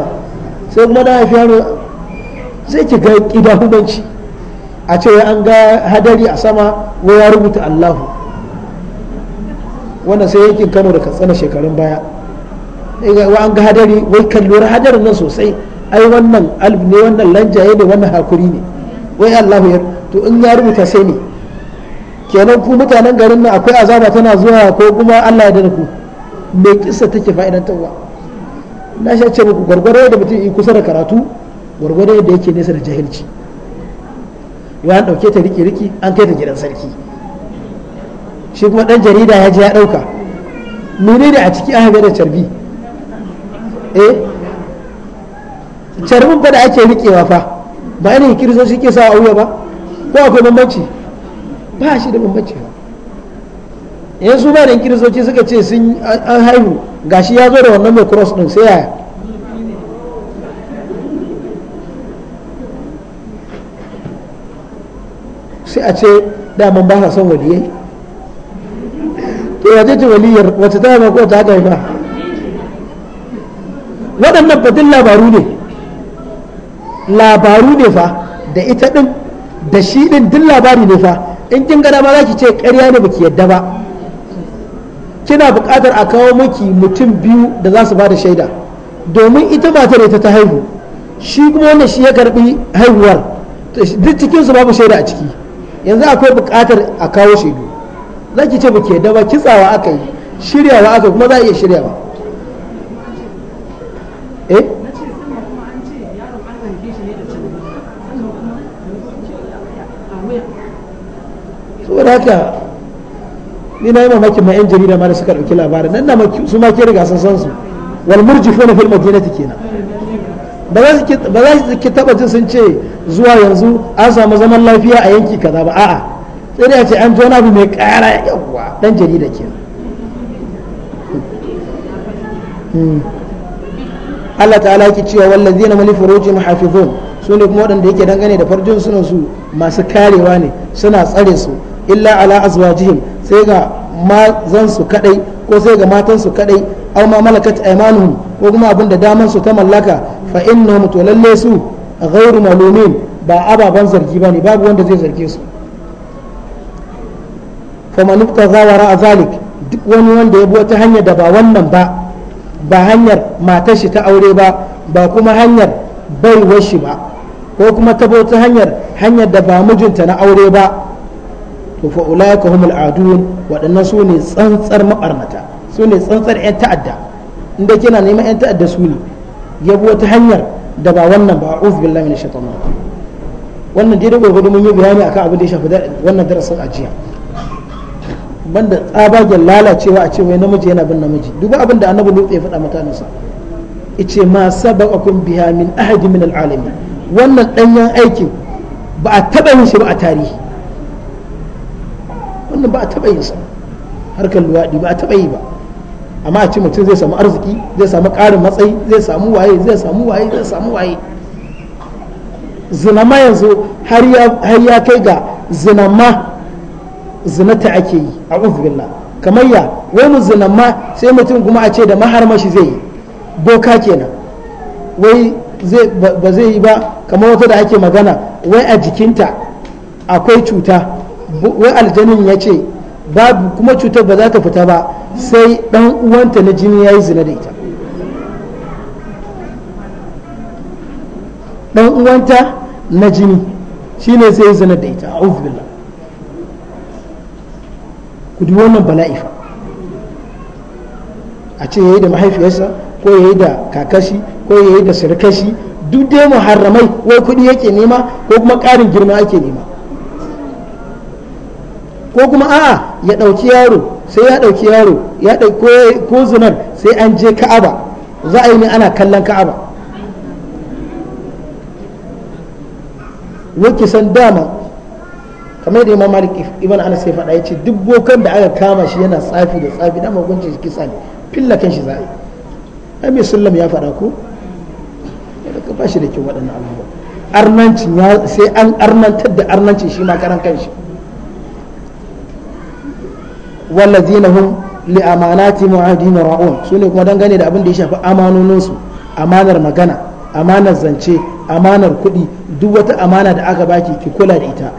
sai kuma da haifi yaro sai ki ga kidahubanci a ce an ga hadari a sama wai ya rubuta Allahu wannan sai yankin Kano da Katsina shekarun baya wa an ga hadari wai kallon hadarin nan sosai ai wannan alb ne wannan lanjaye ne wannan hakuri ne wai Allahu ya to in ya rubuta sai ne kenan ku mutanen garin nan akwai azaba tana zuwa ko kuma Allah ya dana ku me kissa take tawwa na sha ce muku gwargwaro da mutum yi kusa da karatu gwargwaro da yake nesa da jahilci ya an ɗauke ta riki-riki an kai ta gidan sarki shi kuma ɗan jarida ya je ya ɗauka mene ne a ciki aka da carbi eh carbin fa da ake riƙewa fa ba irin shi ke sa a wuya ba ko akwai bambanci ba shi da bambanci ba yanzu ba da kiristoci suka ce sun an haihu gashi ya zo da wannan mai cross ɗin sai yaya sai a ce daman ba sa son waliyai to ya ce waliyar wacce ta ko ta haka ba? waɗannan fatin labaru ne labaru ne fa da ita ɗin da shi ɗin duk labari ne fa in kin gada ma za ki ce ƙarya ne baki yadda ba kina buƙatar a kawo maki mutum biyu da za su ba da shaida domin ita matar ita ta haihu shi kuma wannan shi ya karɓi haihuwar duk cikinsu babu shaida a ciki yanzu akwai buƙatar a kawo shaidu za ki ce buke da ba kitsawa aka yi shiryawa aka kuma za a iya ba. eh saboda haka ni na yi mamakin ma 'yan jarida ma da suka ɗauki labarin nan na su ma ke riga sun san su wal murjifuna fil madinati kenan ba za su taba ji sun ce zuwa yanzu an samu zaman lafiya a yanki kaza ba a'a sai dai a ce an jona bi mai kara yawa dan jarida ke hmm. Allah ta'ala yake cewa wallazina mali furuji muhafizun su kuma waɗanda yake dangane da farjin sunan su masu karewa ne suna tsare su illa ala azwajihim sai ga mazan su kadai ko sai ga matan su kadai aw ma malakat aymanuhum ko kuma abin da daman su ta mallaka fa innahum to lalle su ghairu malumin ba ababan zargi ne babu wanda zai zarge su fa man ibtaza wara duk wani wanda ya bi wata hanya da ba wannan ba ba hanyar matar shi ta aure ba ba kuma hanyar baiwar shi ba ko kuma ta bauta hanyar hanyar da ba mijinta na aure ba to fa ulaika humul adun waɗannan su ne tsantsar mabarnata su ne tsantsar 'yan ta'adda inda kina neman 'yan ta'adda su ne ya wata hanyar da ba wannan ba a'udhu billahi minash shaitanir rajim wannan dai da gurgudu mun yi bayani akan abin da ya shafi wannan darasin ajiya banda tsabagen lalacewa a ce wai namiji yana bin namiji duba abin da annabi lutsi ya faɗa mutanensa ice ma sabaqakum biha min ahadi min alalamin wannan danyen aikin ba a taɓa yin shi ba a tarihi wannan ba a taɓa yin sa harkar luwaɗi ba a taɓa yi ba amma a ce mutum zai samu arziki zai samu ƙarin matsayi zai samu waye zai samu waye zai samu waye zinama yanzu har ya kai ga zinama zinata ake yi a billah kamar ya wani zinama sai mutum kuma a ce da maharmashi zai yi boka kenan wai ba zai yi ba kamar wata da ake magana wai a jikinta akwai cuta wai aljanin ya ce babu kuma cutar ba za ta fita ba sai dan uwanta na jini ya yi zina da ita dan uwanta na jini shine sai ya zina da ita a billah ku dubi wannan bala'ifa a ce ya yi da mahaifiyarsa ko ya yi da kakashi ko ya yi da sirkashi duk dai muharramai ko kuɗi yake nema ko kuma ƙarin girma ake nema ko kuma a'a ya ɗauki yaro sai ya ɗauki yaro ya ko zinar sai an je ka'aba za a yi ne ana kallon ka'aba wake san dama kamar da imam malik ibn anas sai faɗa ya ce duk bokan da aka kama shi yana tsafi da tsafi dama hukuncin shi kisa ne filla kan shi za a yi ai mai ya faɗa ko ka ba shi da kyau waɗannan abubuwa arnancin sai an arnantar da arnancin shi ma karan kan shi wallazina hum li amanati mu'adin ra'un sune kuma dangane da abin da ya shafi amanonin su amanar magana amanar zance amanar kuɗi duk wata amana da aka baki ki kula da ita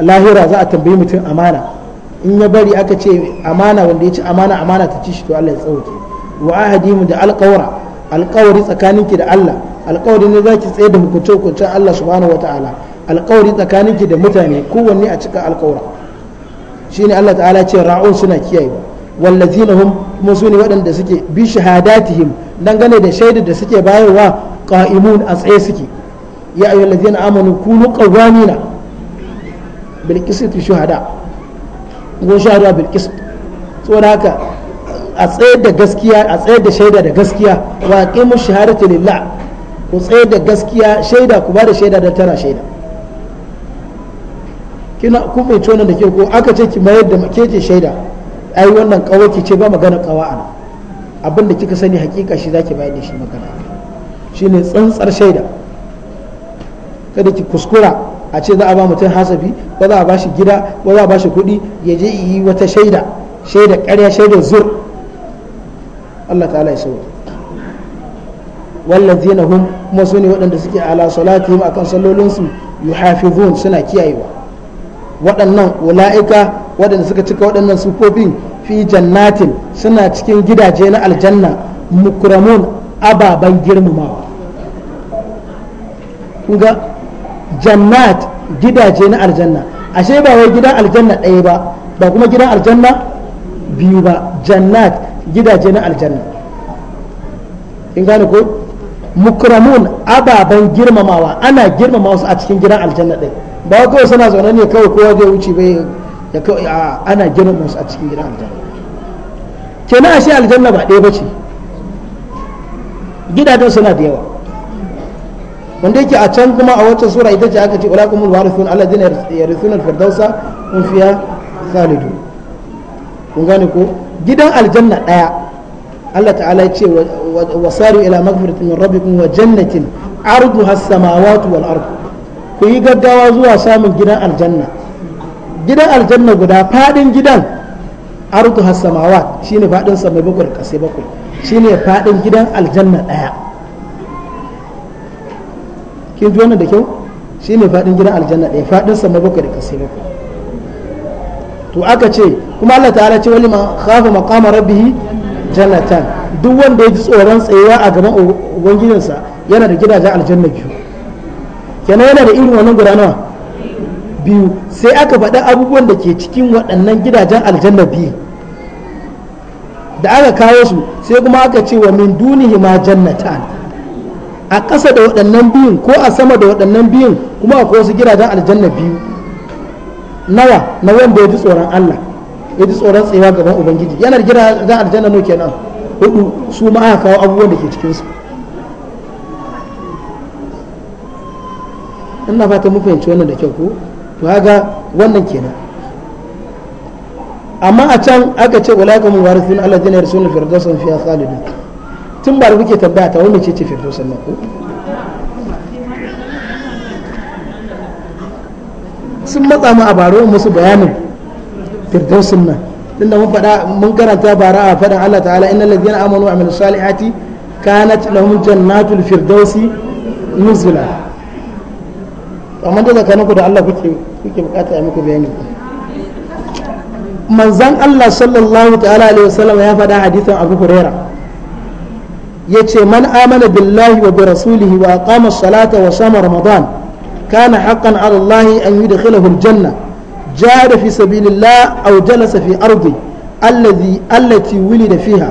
lahira za a tambayi mutum amana in ya bari aka ce amana wanda ya ci amana amana ta ci shi to Allah ya tsauke wa ahadimu da alƙawara alƙawari ki da Allah alƙawari ne za ki tsaye da hukunce hukuncen Allah subhanahu wataala alƙawari ki da mutane kowanne a cika alƙawara shine Allah ta'ala ce ra'un suna kiyayewa wallazina hum kuma su ne waɗanda suke bi shahadatihim dangane da shaidar da suke bayarwa qa'imun a tsaye suke ya ayyuhallazina amanu kunu qawamina bil qist shuhada gun shahada bil qist saboda haka a tsaye da gaskiya a tsaye da shaida da gaskiya wa aqimu shahadatu lillah ku tsaye da gaskiya shaida ku ba da shaida da tara shaida kina ku bai tona da ke ko aka ce ki mayar da ke ce shaida ai wannan kawa ki ce ba magana kawa ana abin da kika sani hakika shi zaki bayar da shi magana shine tsantsar shaida kada ki kuskura a ce za a ba mutum hasabi ba za a ba shi gida ba za a ba shi kuɗi ya je yi wata shaida shaida ƙarya shaida zur Allah ta'ala ya sauya wallazina hum kuma su ne waɗanda suke ala salatihim akan sallolinsu yuhafizun suna kiyayewa waɗannan ula'ika waɗanda suka cika waɗannan sufofin fi jannatin suna cikin gidaje na aljanna mukramun ababen girmamawa ga jannat gidaje na aljanna ashe ba wai gidan aljanna ɗaya ba ba kuma gidan aljanna biyu ba jannat gidaje na aljanna in gane ko mukramun ababen girmamawa ana girmama su a cikin gidan aljanna ɗaya ba kawai suna zaune ne kawai kowa zai wuce bai ya kawai ana gina musu a cikin gidan aljanna kenan ashe aljanna ba ɗaya bace gidajen suna da yawa wanda yake a can kuma a wata sura ita ce aka ce ulaikumul warithun alladhina yarithuna al-firdausa hum fiya khalidun kun gane ko gidan aljanna ɗaya Allah ta'ala ya ce wasaru ila maghfiratin min rabbikum wa jannatin arduha as-samawati wal ardu ku yi gaggawa zuwa samun gidan aljanna gidan aljanna guda fadin gidan ardu shi shine fadin samai bakwai kasai bakwai Shi ne fadin gidan aljanna daya kin ji wannan da kyau shine fadin gidan aljanna daya fadin samai bakwai da kasai bakwai to aka ce kuma Allah ta'ala ce wani ma khafa maqama rabbih jannatan duk wanda ya ji tsoron tsayewa a gaban ubangijinsa yana da gidajen aljanna biyu kenan yana da irin wannan guda nawa biyu sai aka faɗa abubuwan da ke cikin waɗannan gidajen aljanna biyu da aka kawo su sai kuma aka ce wa min dunihi ma jannata a ƙasa da waɗannan biyun ko a sama da waɗannan biyun kuma a wasu gidajen aljanna biyu nawa na wanda ya ji tsoron Allah ya ji tsoron tsewa gaban ubangiji yanar gidajen aljanna no kenan hudu su ma aka kawo abubuwan da ke cikin su ina fata mu fahimci wannan da kyau ko to haga wannan kenan amma a can aka ce wala kamun warithun alladhina yarsuna firdausan fiha khalidun tun ba da kuke tambaya ta wani ce ce firdausan nan ko sun matsa mu a baro musu bayanin firdausin nan tunda mun fada mun karanta bara a faɗin Allah ta'ala innal ladhina amanu wa amilus salihati kanat lahum jannatul firdausi nuzula amma da ku da Allah kuke kuke bukata ya muku bayani manzan Allah sallallahu ta'ala alaihi wasallam ya faɗa hadisin Abu Huraira yace man amana billahi wa bi rasulihi wa aqama as-salata wa sama ramadan kana haqqan 'ala Allah an yudkhilahu al-janna jada fi sabilillah aw jalasa fi ardi alladhi allati wulida fiha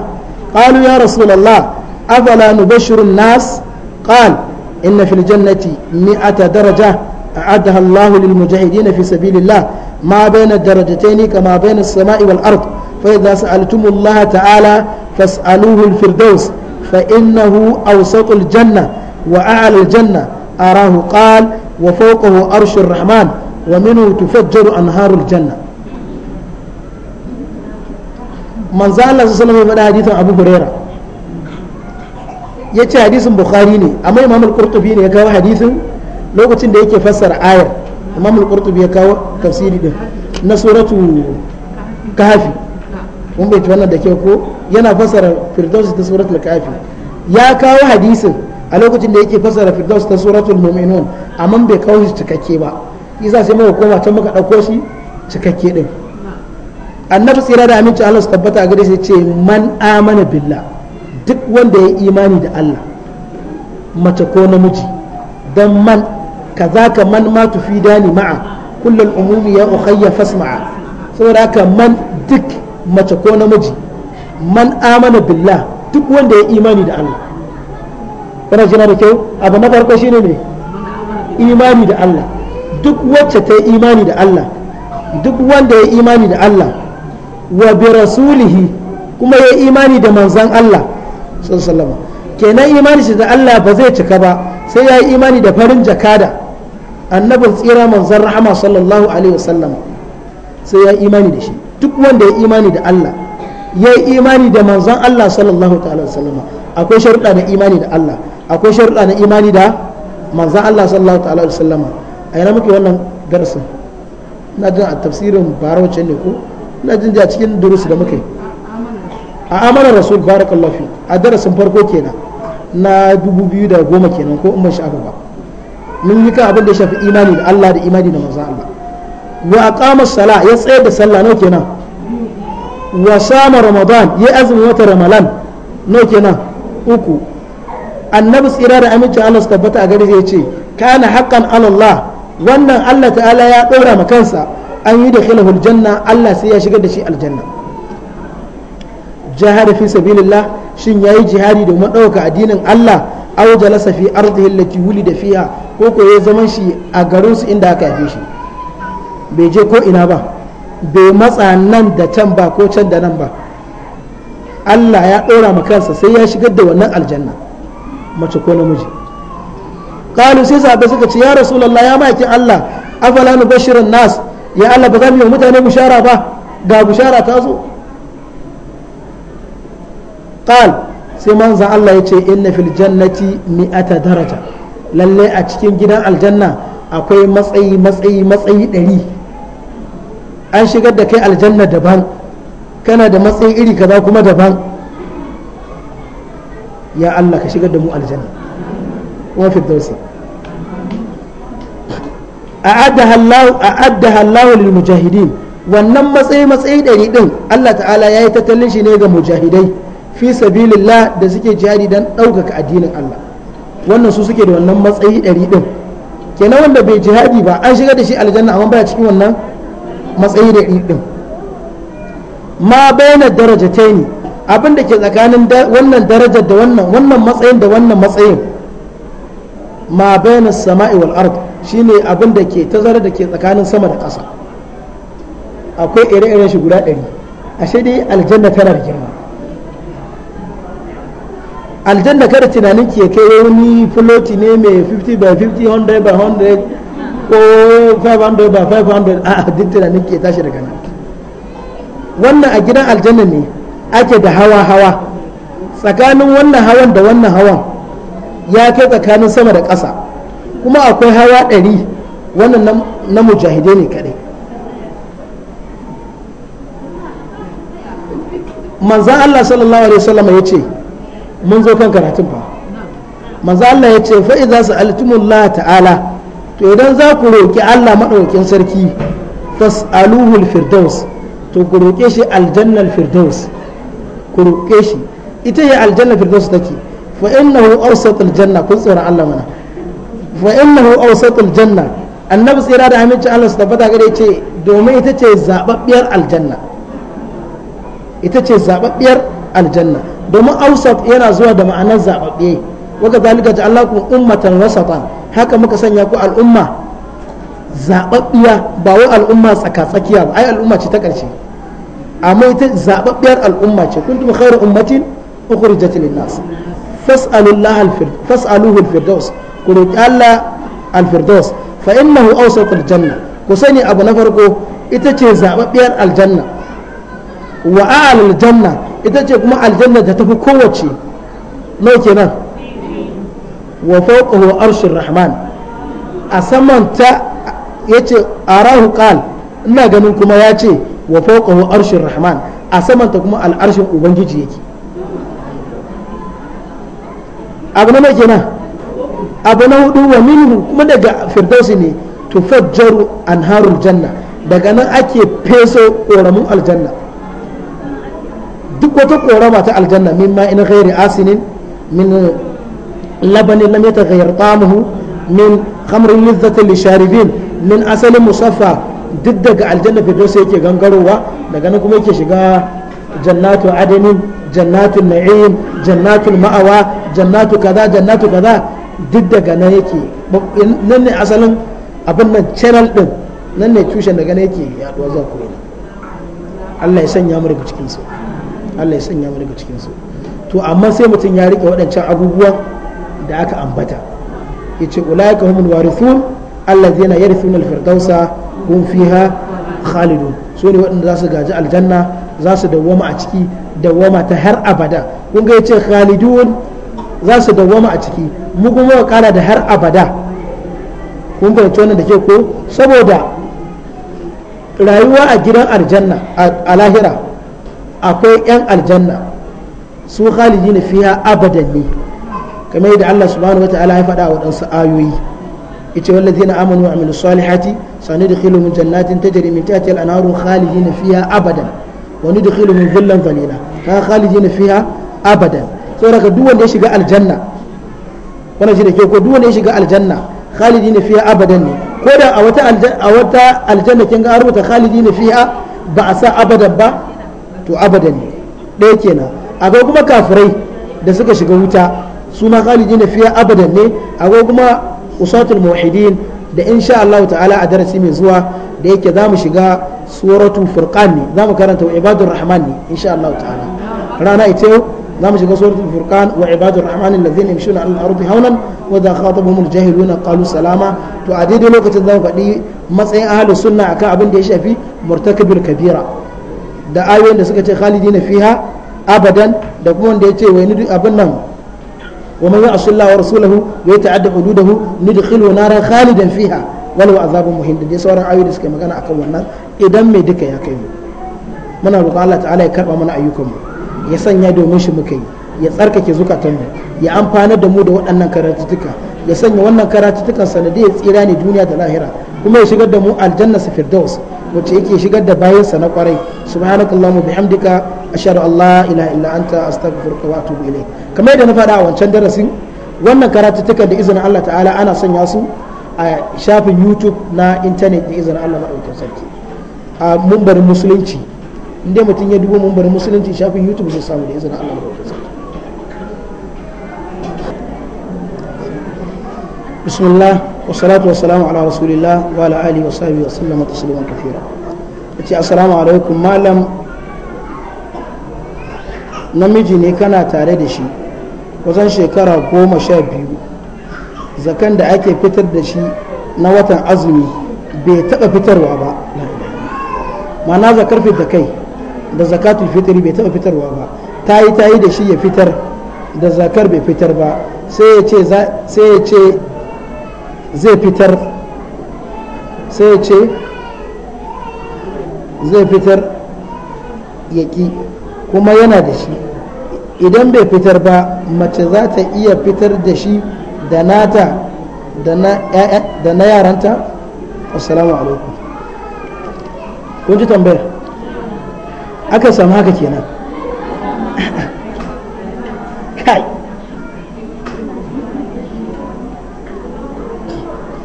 qalu ya rasul Allah afala nubashiru an-nas qala inna fil jannati ata daraja. أعدها الله للمجاهدين في سبيل الله ما بين الدرجتين كما بين السماء والأرض فإذا سألتم الله تعالى فاسألوه الفردوس فإنه أوسط الجنة وأعلى الجنة أراه قال وفوقه أرش الرحمن ومنه تفجر أنهار الجنة من زال الله صلى الله عليه وسلم حديث أبو هريرة يتي حديث بخاري أما إمام القرطبي يقول حديث lokacin da yake fassara ayar imam al-qurtubi ya kawo tafsiri din na suratu kahfi mun bai wannan da ke ko yana fassara firdaus ta suratul kahfi ya kawo hadisin a lokacin da yake fassara firdaus ta suratu mu'minun amma bai kawo shi cikakke ba isa sai muka koma can muka dauko shi cikakke din annabi tsira da aminci Allah su tabbata a gare shi ce man amana billah duk wanda ya imani da Allah mace ko namiji dan man كذاك من ما تفيدان kullum كل العموم يا أخي فاسمع سوراك من دك ما تكون مجي من آمن بالله duk wanda ya imani da Allah kana jina da kyau abu na farko shine ne imani da Allah duk wacce ta yi imani da Allah duk wanda ya imani da Allah wa bi rasulihi kuma ya imani da manzan Allah sallallahu kenan imani shi da Allah ba zai cika ba sai ya yi imani da farin jakada annabin tsira manzan rahama sallallahu alaihi wasallam sai ya imani da shi duk wanda ya imani da Allah ya yi imani da manzan Allah sallallahu ta'ala wasallama akwai sharuɗa na imani da Allah akwai sharuɗa na imani da manzan Allah sallallahu ta'ala wasallama a yana muke wannan darasin na jin a tafsirin barawacin ne ko na jin a cikin durusu da muke a amanar rasul barakallahu a darasin farko kenan na dubu biyu da goma kenan ko in ban sha'afa ba mun yi kan abin da shafi imani da Allah da imani da manzon Allah wa aqama sala ya tsayar da sallah nau kenan wa sama ramadan ya azumi wata Ramadan nau kenan uku annabi tsira da aminci Allah su tabbata a gare ya ce kana haqqan Allah wannan Allah ta'ala ya dora ma kansa an yi da khilaful janna Allah sai ya shigar da shi aljanna jahada fi sabilillah shin yayi jihadi domin ɗauka addinin Allah aw jalasa fi ardihi allati wulida fiha ko ko zaman shi a garin su inda aka haife shi bai je ko ina ba bai matsa nan da can ba ko can da nan ba Allah ya ɗora ma kansa sai ya shigar da wannan aljanna mace ko namiji qalu sai sahabbai suka ce ya rasulullah ya maki Allah afala nubashirun nas ya Allah ba za mu yi mutane bushara ba ga bushara ta zo qal sai manzon Allah ya ce inna fil jannati mi'ata daraja lalle a cikin gidan aljanna akwai matsayi matsayi matsayi ɗari an shigar da kai aljanna daban kana da matsayi iri kaza kuma daban ya Allah ka shigar da mu aljanna wa fi dausi a'addaha Allah lil mujahidin wannan matsayi matsayi ɗari ɗin Allah ta'ala ya yi tattalin shi ne ga mujahidai fi sabilillah da suke jihadi dan ɗaukaka addinin Allah wannan su suke da wannan matsayi ɗari ɗin kenan wanda bai jihadi ba an shiga da shi aljanna amma baya cikin wannan matsayi da ɗin ma daraja ta ne abin da ke tsakanin wannan darajar da wannan wannan matsayin da wannan matsayin ma bayyana sama'i wal ard ne abin da ke tazara da ke tsakanin sama da ƙasa akwai ire-iren shi guda ɗari ashe dai aljanna tana da girma aljanna kada tunanin ke ya kai wani floti ne mai 50 by 50 100 by 100 ko 500 by 500 a duk tunanin ke tashi daga nan wannan a gidan aljanna ne ake da hawa hawa tsakanin wannan hawan da wannan hawan ya kai tsakanin sama da ƙasa kuma akwai hawa ɗari wannan na mujahide ne kaɗai manzan Allah sallallahu alaihi wasallam ya ce mun zo kan karatun fa manzo Allah ya ce fa idza sa'altumullah ta'ala to idan za ku roki Allah madaukakin sarki fas'aluhul firdaus to ku roke shi aljannal firdaus ku roke shi ita ya aljanna firdaus take fa innahu awsatul janna kun tsara Allah mana fa innahu awsatul janna annabi tsira da aminci Allah su tabbata gare ce domin ita ce zababbiyar aljanna ita ce zababbiyar aljanna domin ausat yana zuwa da ma'anar zababbe waka zalika ja'alnakum ummatan wasatan haka muka sanya ku al'umma zababbiya ba wai al'umma tsakatsakiya ba ai al'umma ce ta karshe amma ita zababbiyar al'umma ce kuntum khairu ummatin ukhrijat lin-nas fas'alullaha al-firdaus fas'aluhu al-firdaus ku roki Allah al-firdaus fa innahu awsat al-janna ku sani abu na farko ita ce zababbiyar aljanna wa a'la al-janna ita ce kuma aljanna da tafi kowace nau kenan wa fawqahu arshur rahman a saman ta yace arahu qal ina ganin kuma ya ce wa fawqahu arshur rahman a saman ta kuma al'arshin ubangiji yake abu na kenan abu na hudu wa minhu kuma daga firdausi ne tufajjaru anharul janna daga nan ake feso koramin aljanna duk wata korama ta aljanna min ma in ghairi asinin min labanin lam yataghayyar ta'amuhu min khamrin lizzatin lisharibin min asalin musaffa duk daga aljanna firdausa yake gangarowa daga nan kuma yake shiga jannatu adanin jannatu na'im jannatu ma'awa jannatu kaza jannatu kaza duk daga nan yake nan ne asalin abin nan channel din nan ne tushen daga nan yake yaduwa zuwa ko'ina Allah ya sanya mu daga cikin su Allah ya sanya mu daga cikinsu to amma sai mutum ya rike waɗancan abubuwan da aka ambata yace ulaika humul warithun alladhina yana al-firdausa hum fiha khalidun so ne waɗanda za su gaji aljanna za su dawwama a ciki dawwama ta har abada kun ga yace khalidun za su dawwama a ciki mu kuma kara da har abada kun fahimci wannan da ke ko saboda rayuwa a gidan aljanna a lahira akwai 'yan aljanna su khalidi na fiya abadan ne kamar yadda Allah subhanahu wa ta'ala ya faɗa waɗansu ayoyi yace wallazina amanu wa amilus salihati sanudkhiluhum jannatin tajri min tahtiha al-anharu khalidina fiha abadan wa nudkhiluhum dhillan dhalila ka khalidina fiha abadan saboda duk wanda ya shiga aljanna wannan shi da ke ko duk ya shiga aljanna khalidina fiya abadan ne ko da a wata aljanna kin ga rubuta khalidina fiya ba a sa abadan ba to abada ne ɗaya kenan akwai kuma kafirai da suka shiga wuta su ma da fiya abadan ne akwai kuma usatul muwahhidin da insha Allah ta'ala a darasi mai zuwa da yake za mu shiga suratul furqan ne za mu karanta wa ibadur rahman ne insha Allah ta'ala rana ita yau za mu shiga suratul furqan wa ibadur rahman allazina yamshuna ala al-ardi hawlan wa idha khatabahum al-jahiluna qalu salama to a daidai lokacin za mu faɗi matsayin ahlus sunna akan abin da ya shafi murtakibul kabira da ayoyin da suka ce khalidina fiha abadan da kuma wanda ya ce wai abin nan wa man ya'shu Allah wa rasulahu wa yata'adda hududahu nudkhilu naran khalidan fiha walau azabun muhin da sauran ayoyi da suke magana akan wannan idan mai duka ya kai mu muna roƙon Allah ta'ala ya karba mana ayyukanmu mu ya sanya domin shi muka yi ya tsarkake zukatanmu ya amfanar da mu da waɗannan karatuttuka ya sanya wannan karatuttukan sanadiyar tsira ne duniya da lahira kuma ya shigar da mu aljanna su firdaus wacce yake shigar da bayansa na kwarai subhanakallahumma bihamdika ashhadu an la ilaha illa anta astaghfiruka wa atubu ilayk kamar yadda na faɗa a wancan darasin wannan take da izinin Allah ta'ala ana sanya su a shafin YouTube na internet da izinin Allah madaukakin sarki a mumbarin musulunci inda mutum ya dubo mumbarin musulunci shafin YouTube zai samu da izinin Allah madaukakin sarki بسم الله والصلاة والسلام على رسول الله وعلى آله وصحبه وسلم تسليما كثيرا السلام عليكم ما لم namiji ne kana tare da shi wajen shekara goma sha biyu zakan da ake fitar da shi na watan azumi bai taɓa fitarwa ba mana zakar da kai da zakatul fitri bai taɓa fitarwa ba ta yi ta yi da shi ya fitar da zakar bai fitar ba sai ya ce zai fitar sai ce zai fitar yaƙi kuma yana da shi idan bai fitar ba mace za ta iya fitar da shi da nata da na yaranta assalamu alaikum kun ji tambayar aka samu haka kenan *laughs* kai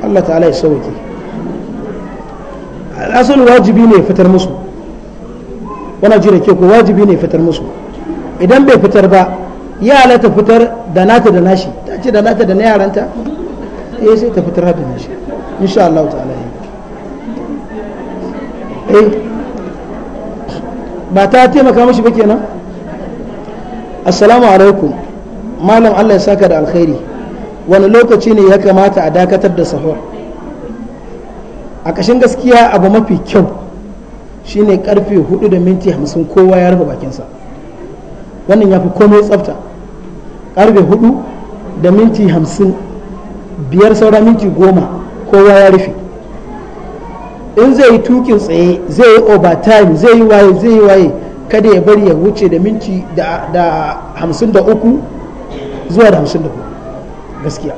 Allah ta'ala ya sauke al'asal wajibi ne fitar musu wannan jira ke ko wajibi ne fitar musu idan bai fitar ba ya halatta fitar da nata da nashi ta ce da nata da na yaranta eh sai ta fitar da nashi insha Allah ta'ala ya eh ba ta taimaka mashi ba kenan assalamu alaikum malam Allah ya saka da alkhairi wani lokaci ne ya kamata a dakatar da sahur a ƙashin gaskiya abu mafi kyau shine karfe 4 da minti 50 kowa ya rufe bakinsa wannan ya fi komai tsafta karfe 4 da minti 50 biyar saura minti 10 kowa ya rufe in zai yi tukin tsaye zai yi overtime zai yi waye zai yi waye kada ya bari ya wuce da minti da 53 zuwa da 54 gaskiya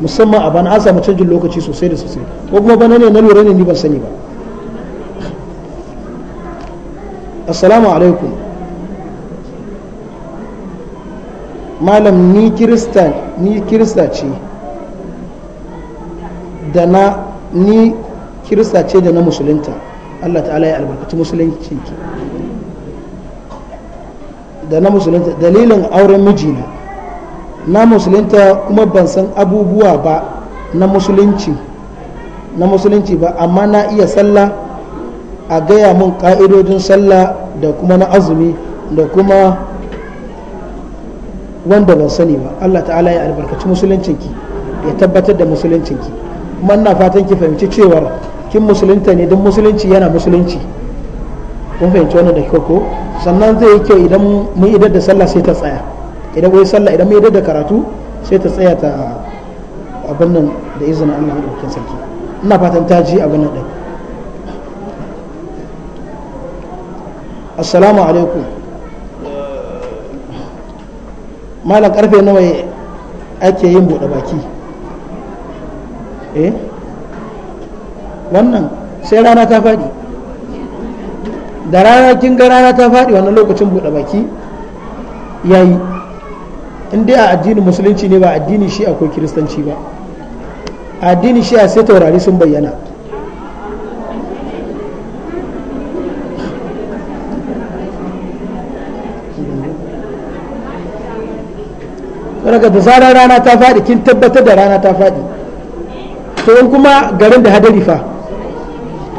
musamman a bana an samu canjin lokaci sosai da sosai ko kuma bana ne na lura ne ni ban sani ba assalamu alaikum malam ni kirista ni kirista ce da na ni kirista ce da na musulunta Allah ta'ala ya albarkaci musulunci da na musulunta dalilin auren mijina na musulunta kuma ban san abubuwa ba na musulunci na musulunci ba amma na iya sallah a gaya mun ka'idodin sallah da kuma na azumi da kuma wanda ban sani ba Allah ta'ala ya albarkaci musuluncinki ya tabbatar da musuluncinki kuma ina fatan ki fahimci cewar kin musulunta ne don musulunci yana musulunci kun fahimci wannan da kyau ko sannan zai yi kyau idan mun idar da sallah sai ta tsaya idan wai sallah idan mai da karatu sai ta tsaya ta abin nan da izinin Allah madaukakin sarki ina fatan ta ji abin nan din assalamu alaikum malam karfe nawa ake yin buɗe baki eh wannan sai rana ta faɗi da rana kin ga rana ta faɗi wannan lokacin buɗe baki yayi in dai a addinin musulunci ne ba addini shi akwai kiristanci ba addini shi a sai taurari sun bayyana daga da zarar rana ta faɗi kin tabbatar da rana ta faɗi to in kuma garin da hadari fa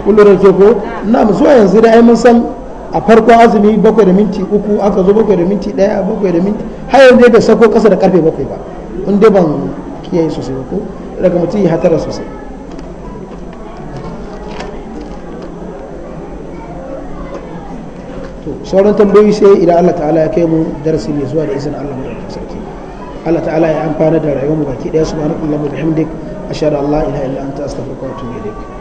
kullum ke ko na zuwa yanzu da ai mun san a farko azumi bakwai da minti uku aka zo bakwai da minti ɗaya bakwai da minti har yanzu bai sako ƙasa da karfe bakwai ba in dai ban kiyaye sosai ba ko daga mutum ya hatara sosai sauran tambayoyi sai idan Allah ta'ala ya kai mu darasi mai zuwa da izin Allah mai sarki Allah ta'ala ya amfana da rayuwar mu baki daya subhanallahi wa bihamdik ashhadu an la ilaha illa anta astaghfiruka wa atubu ilaik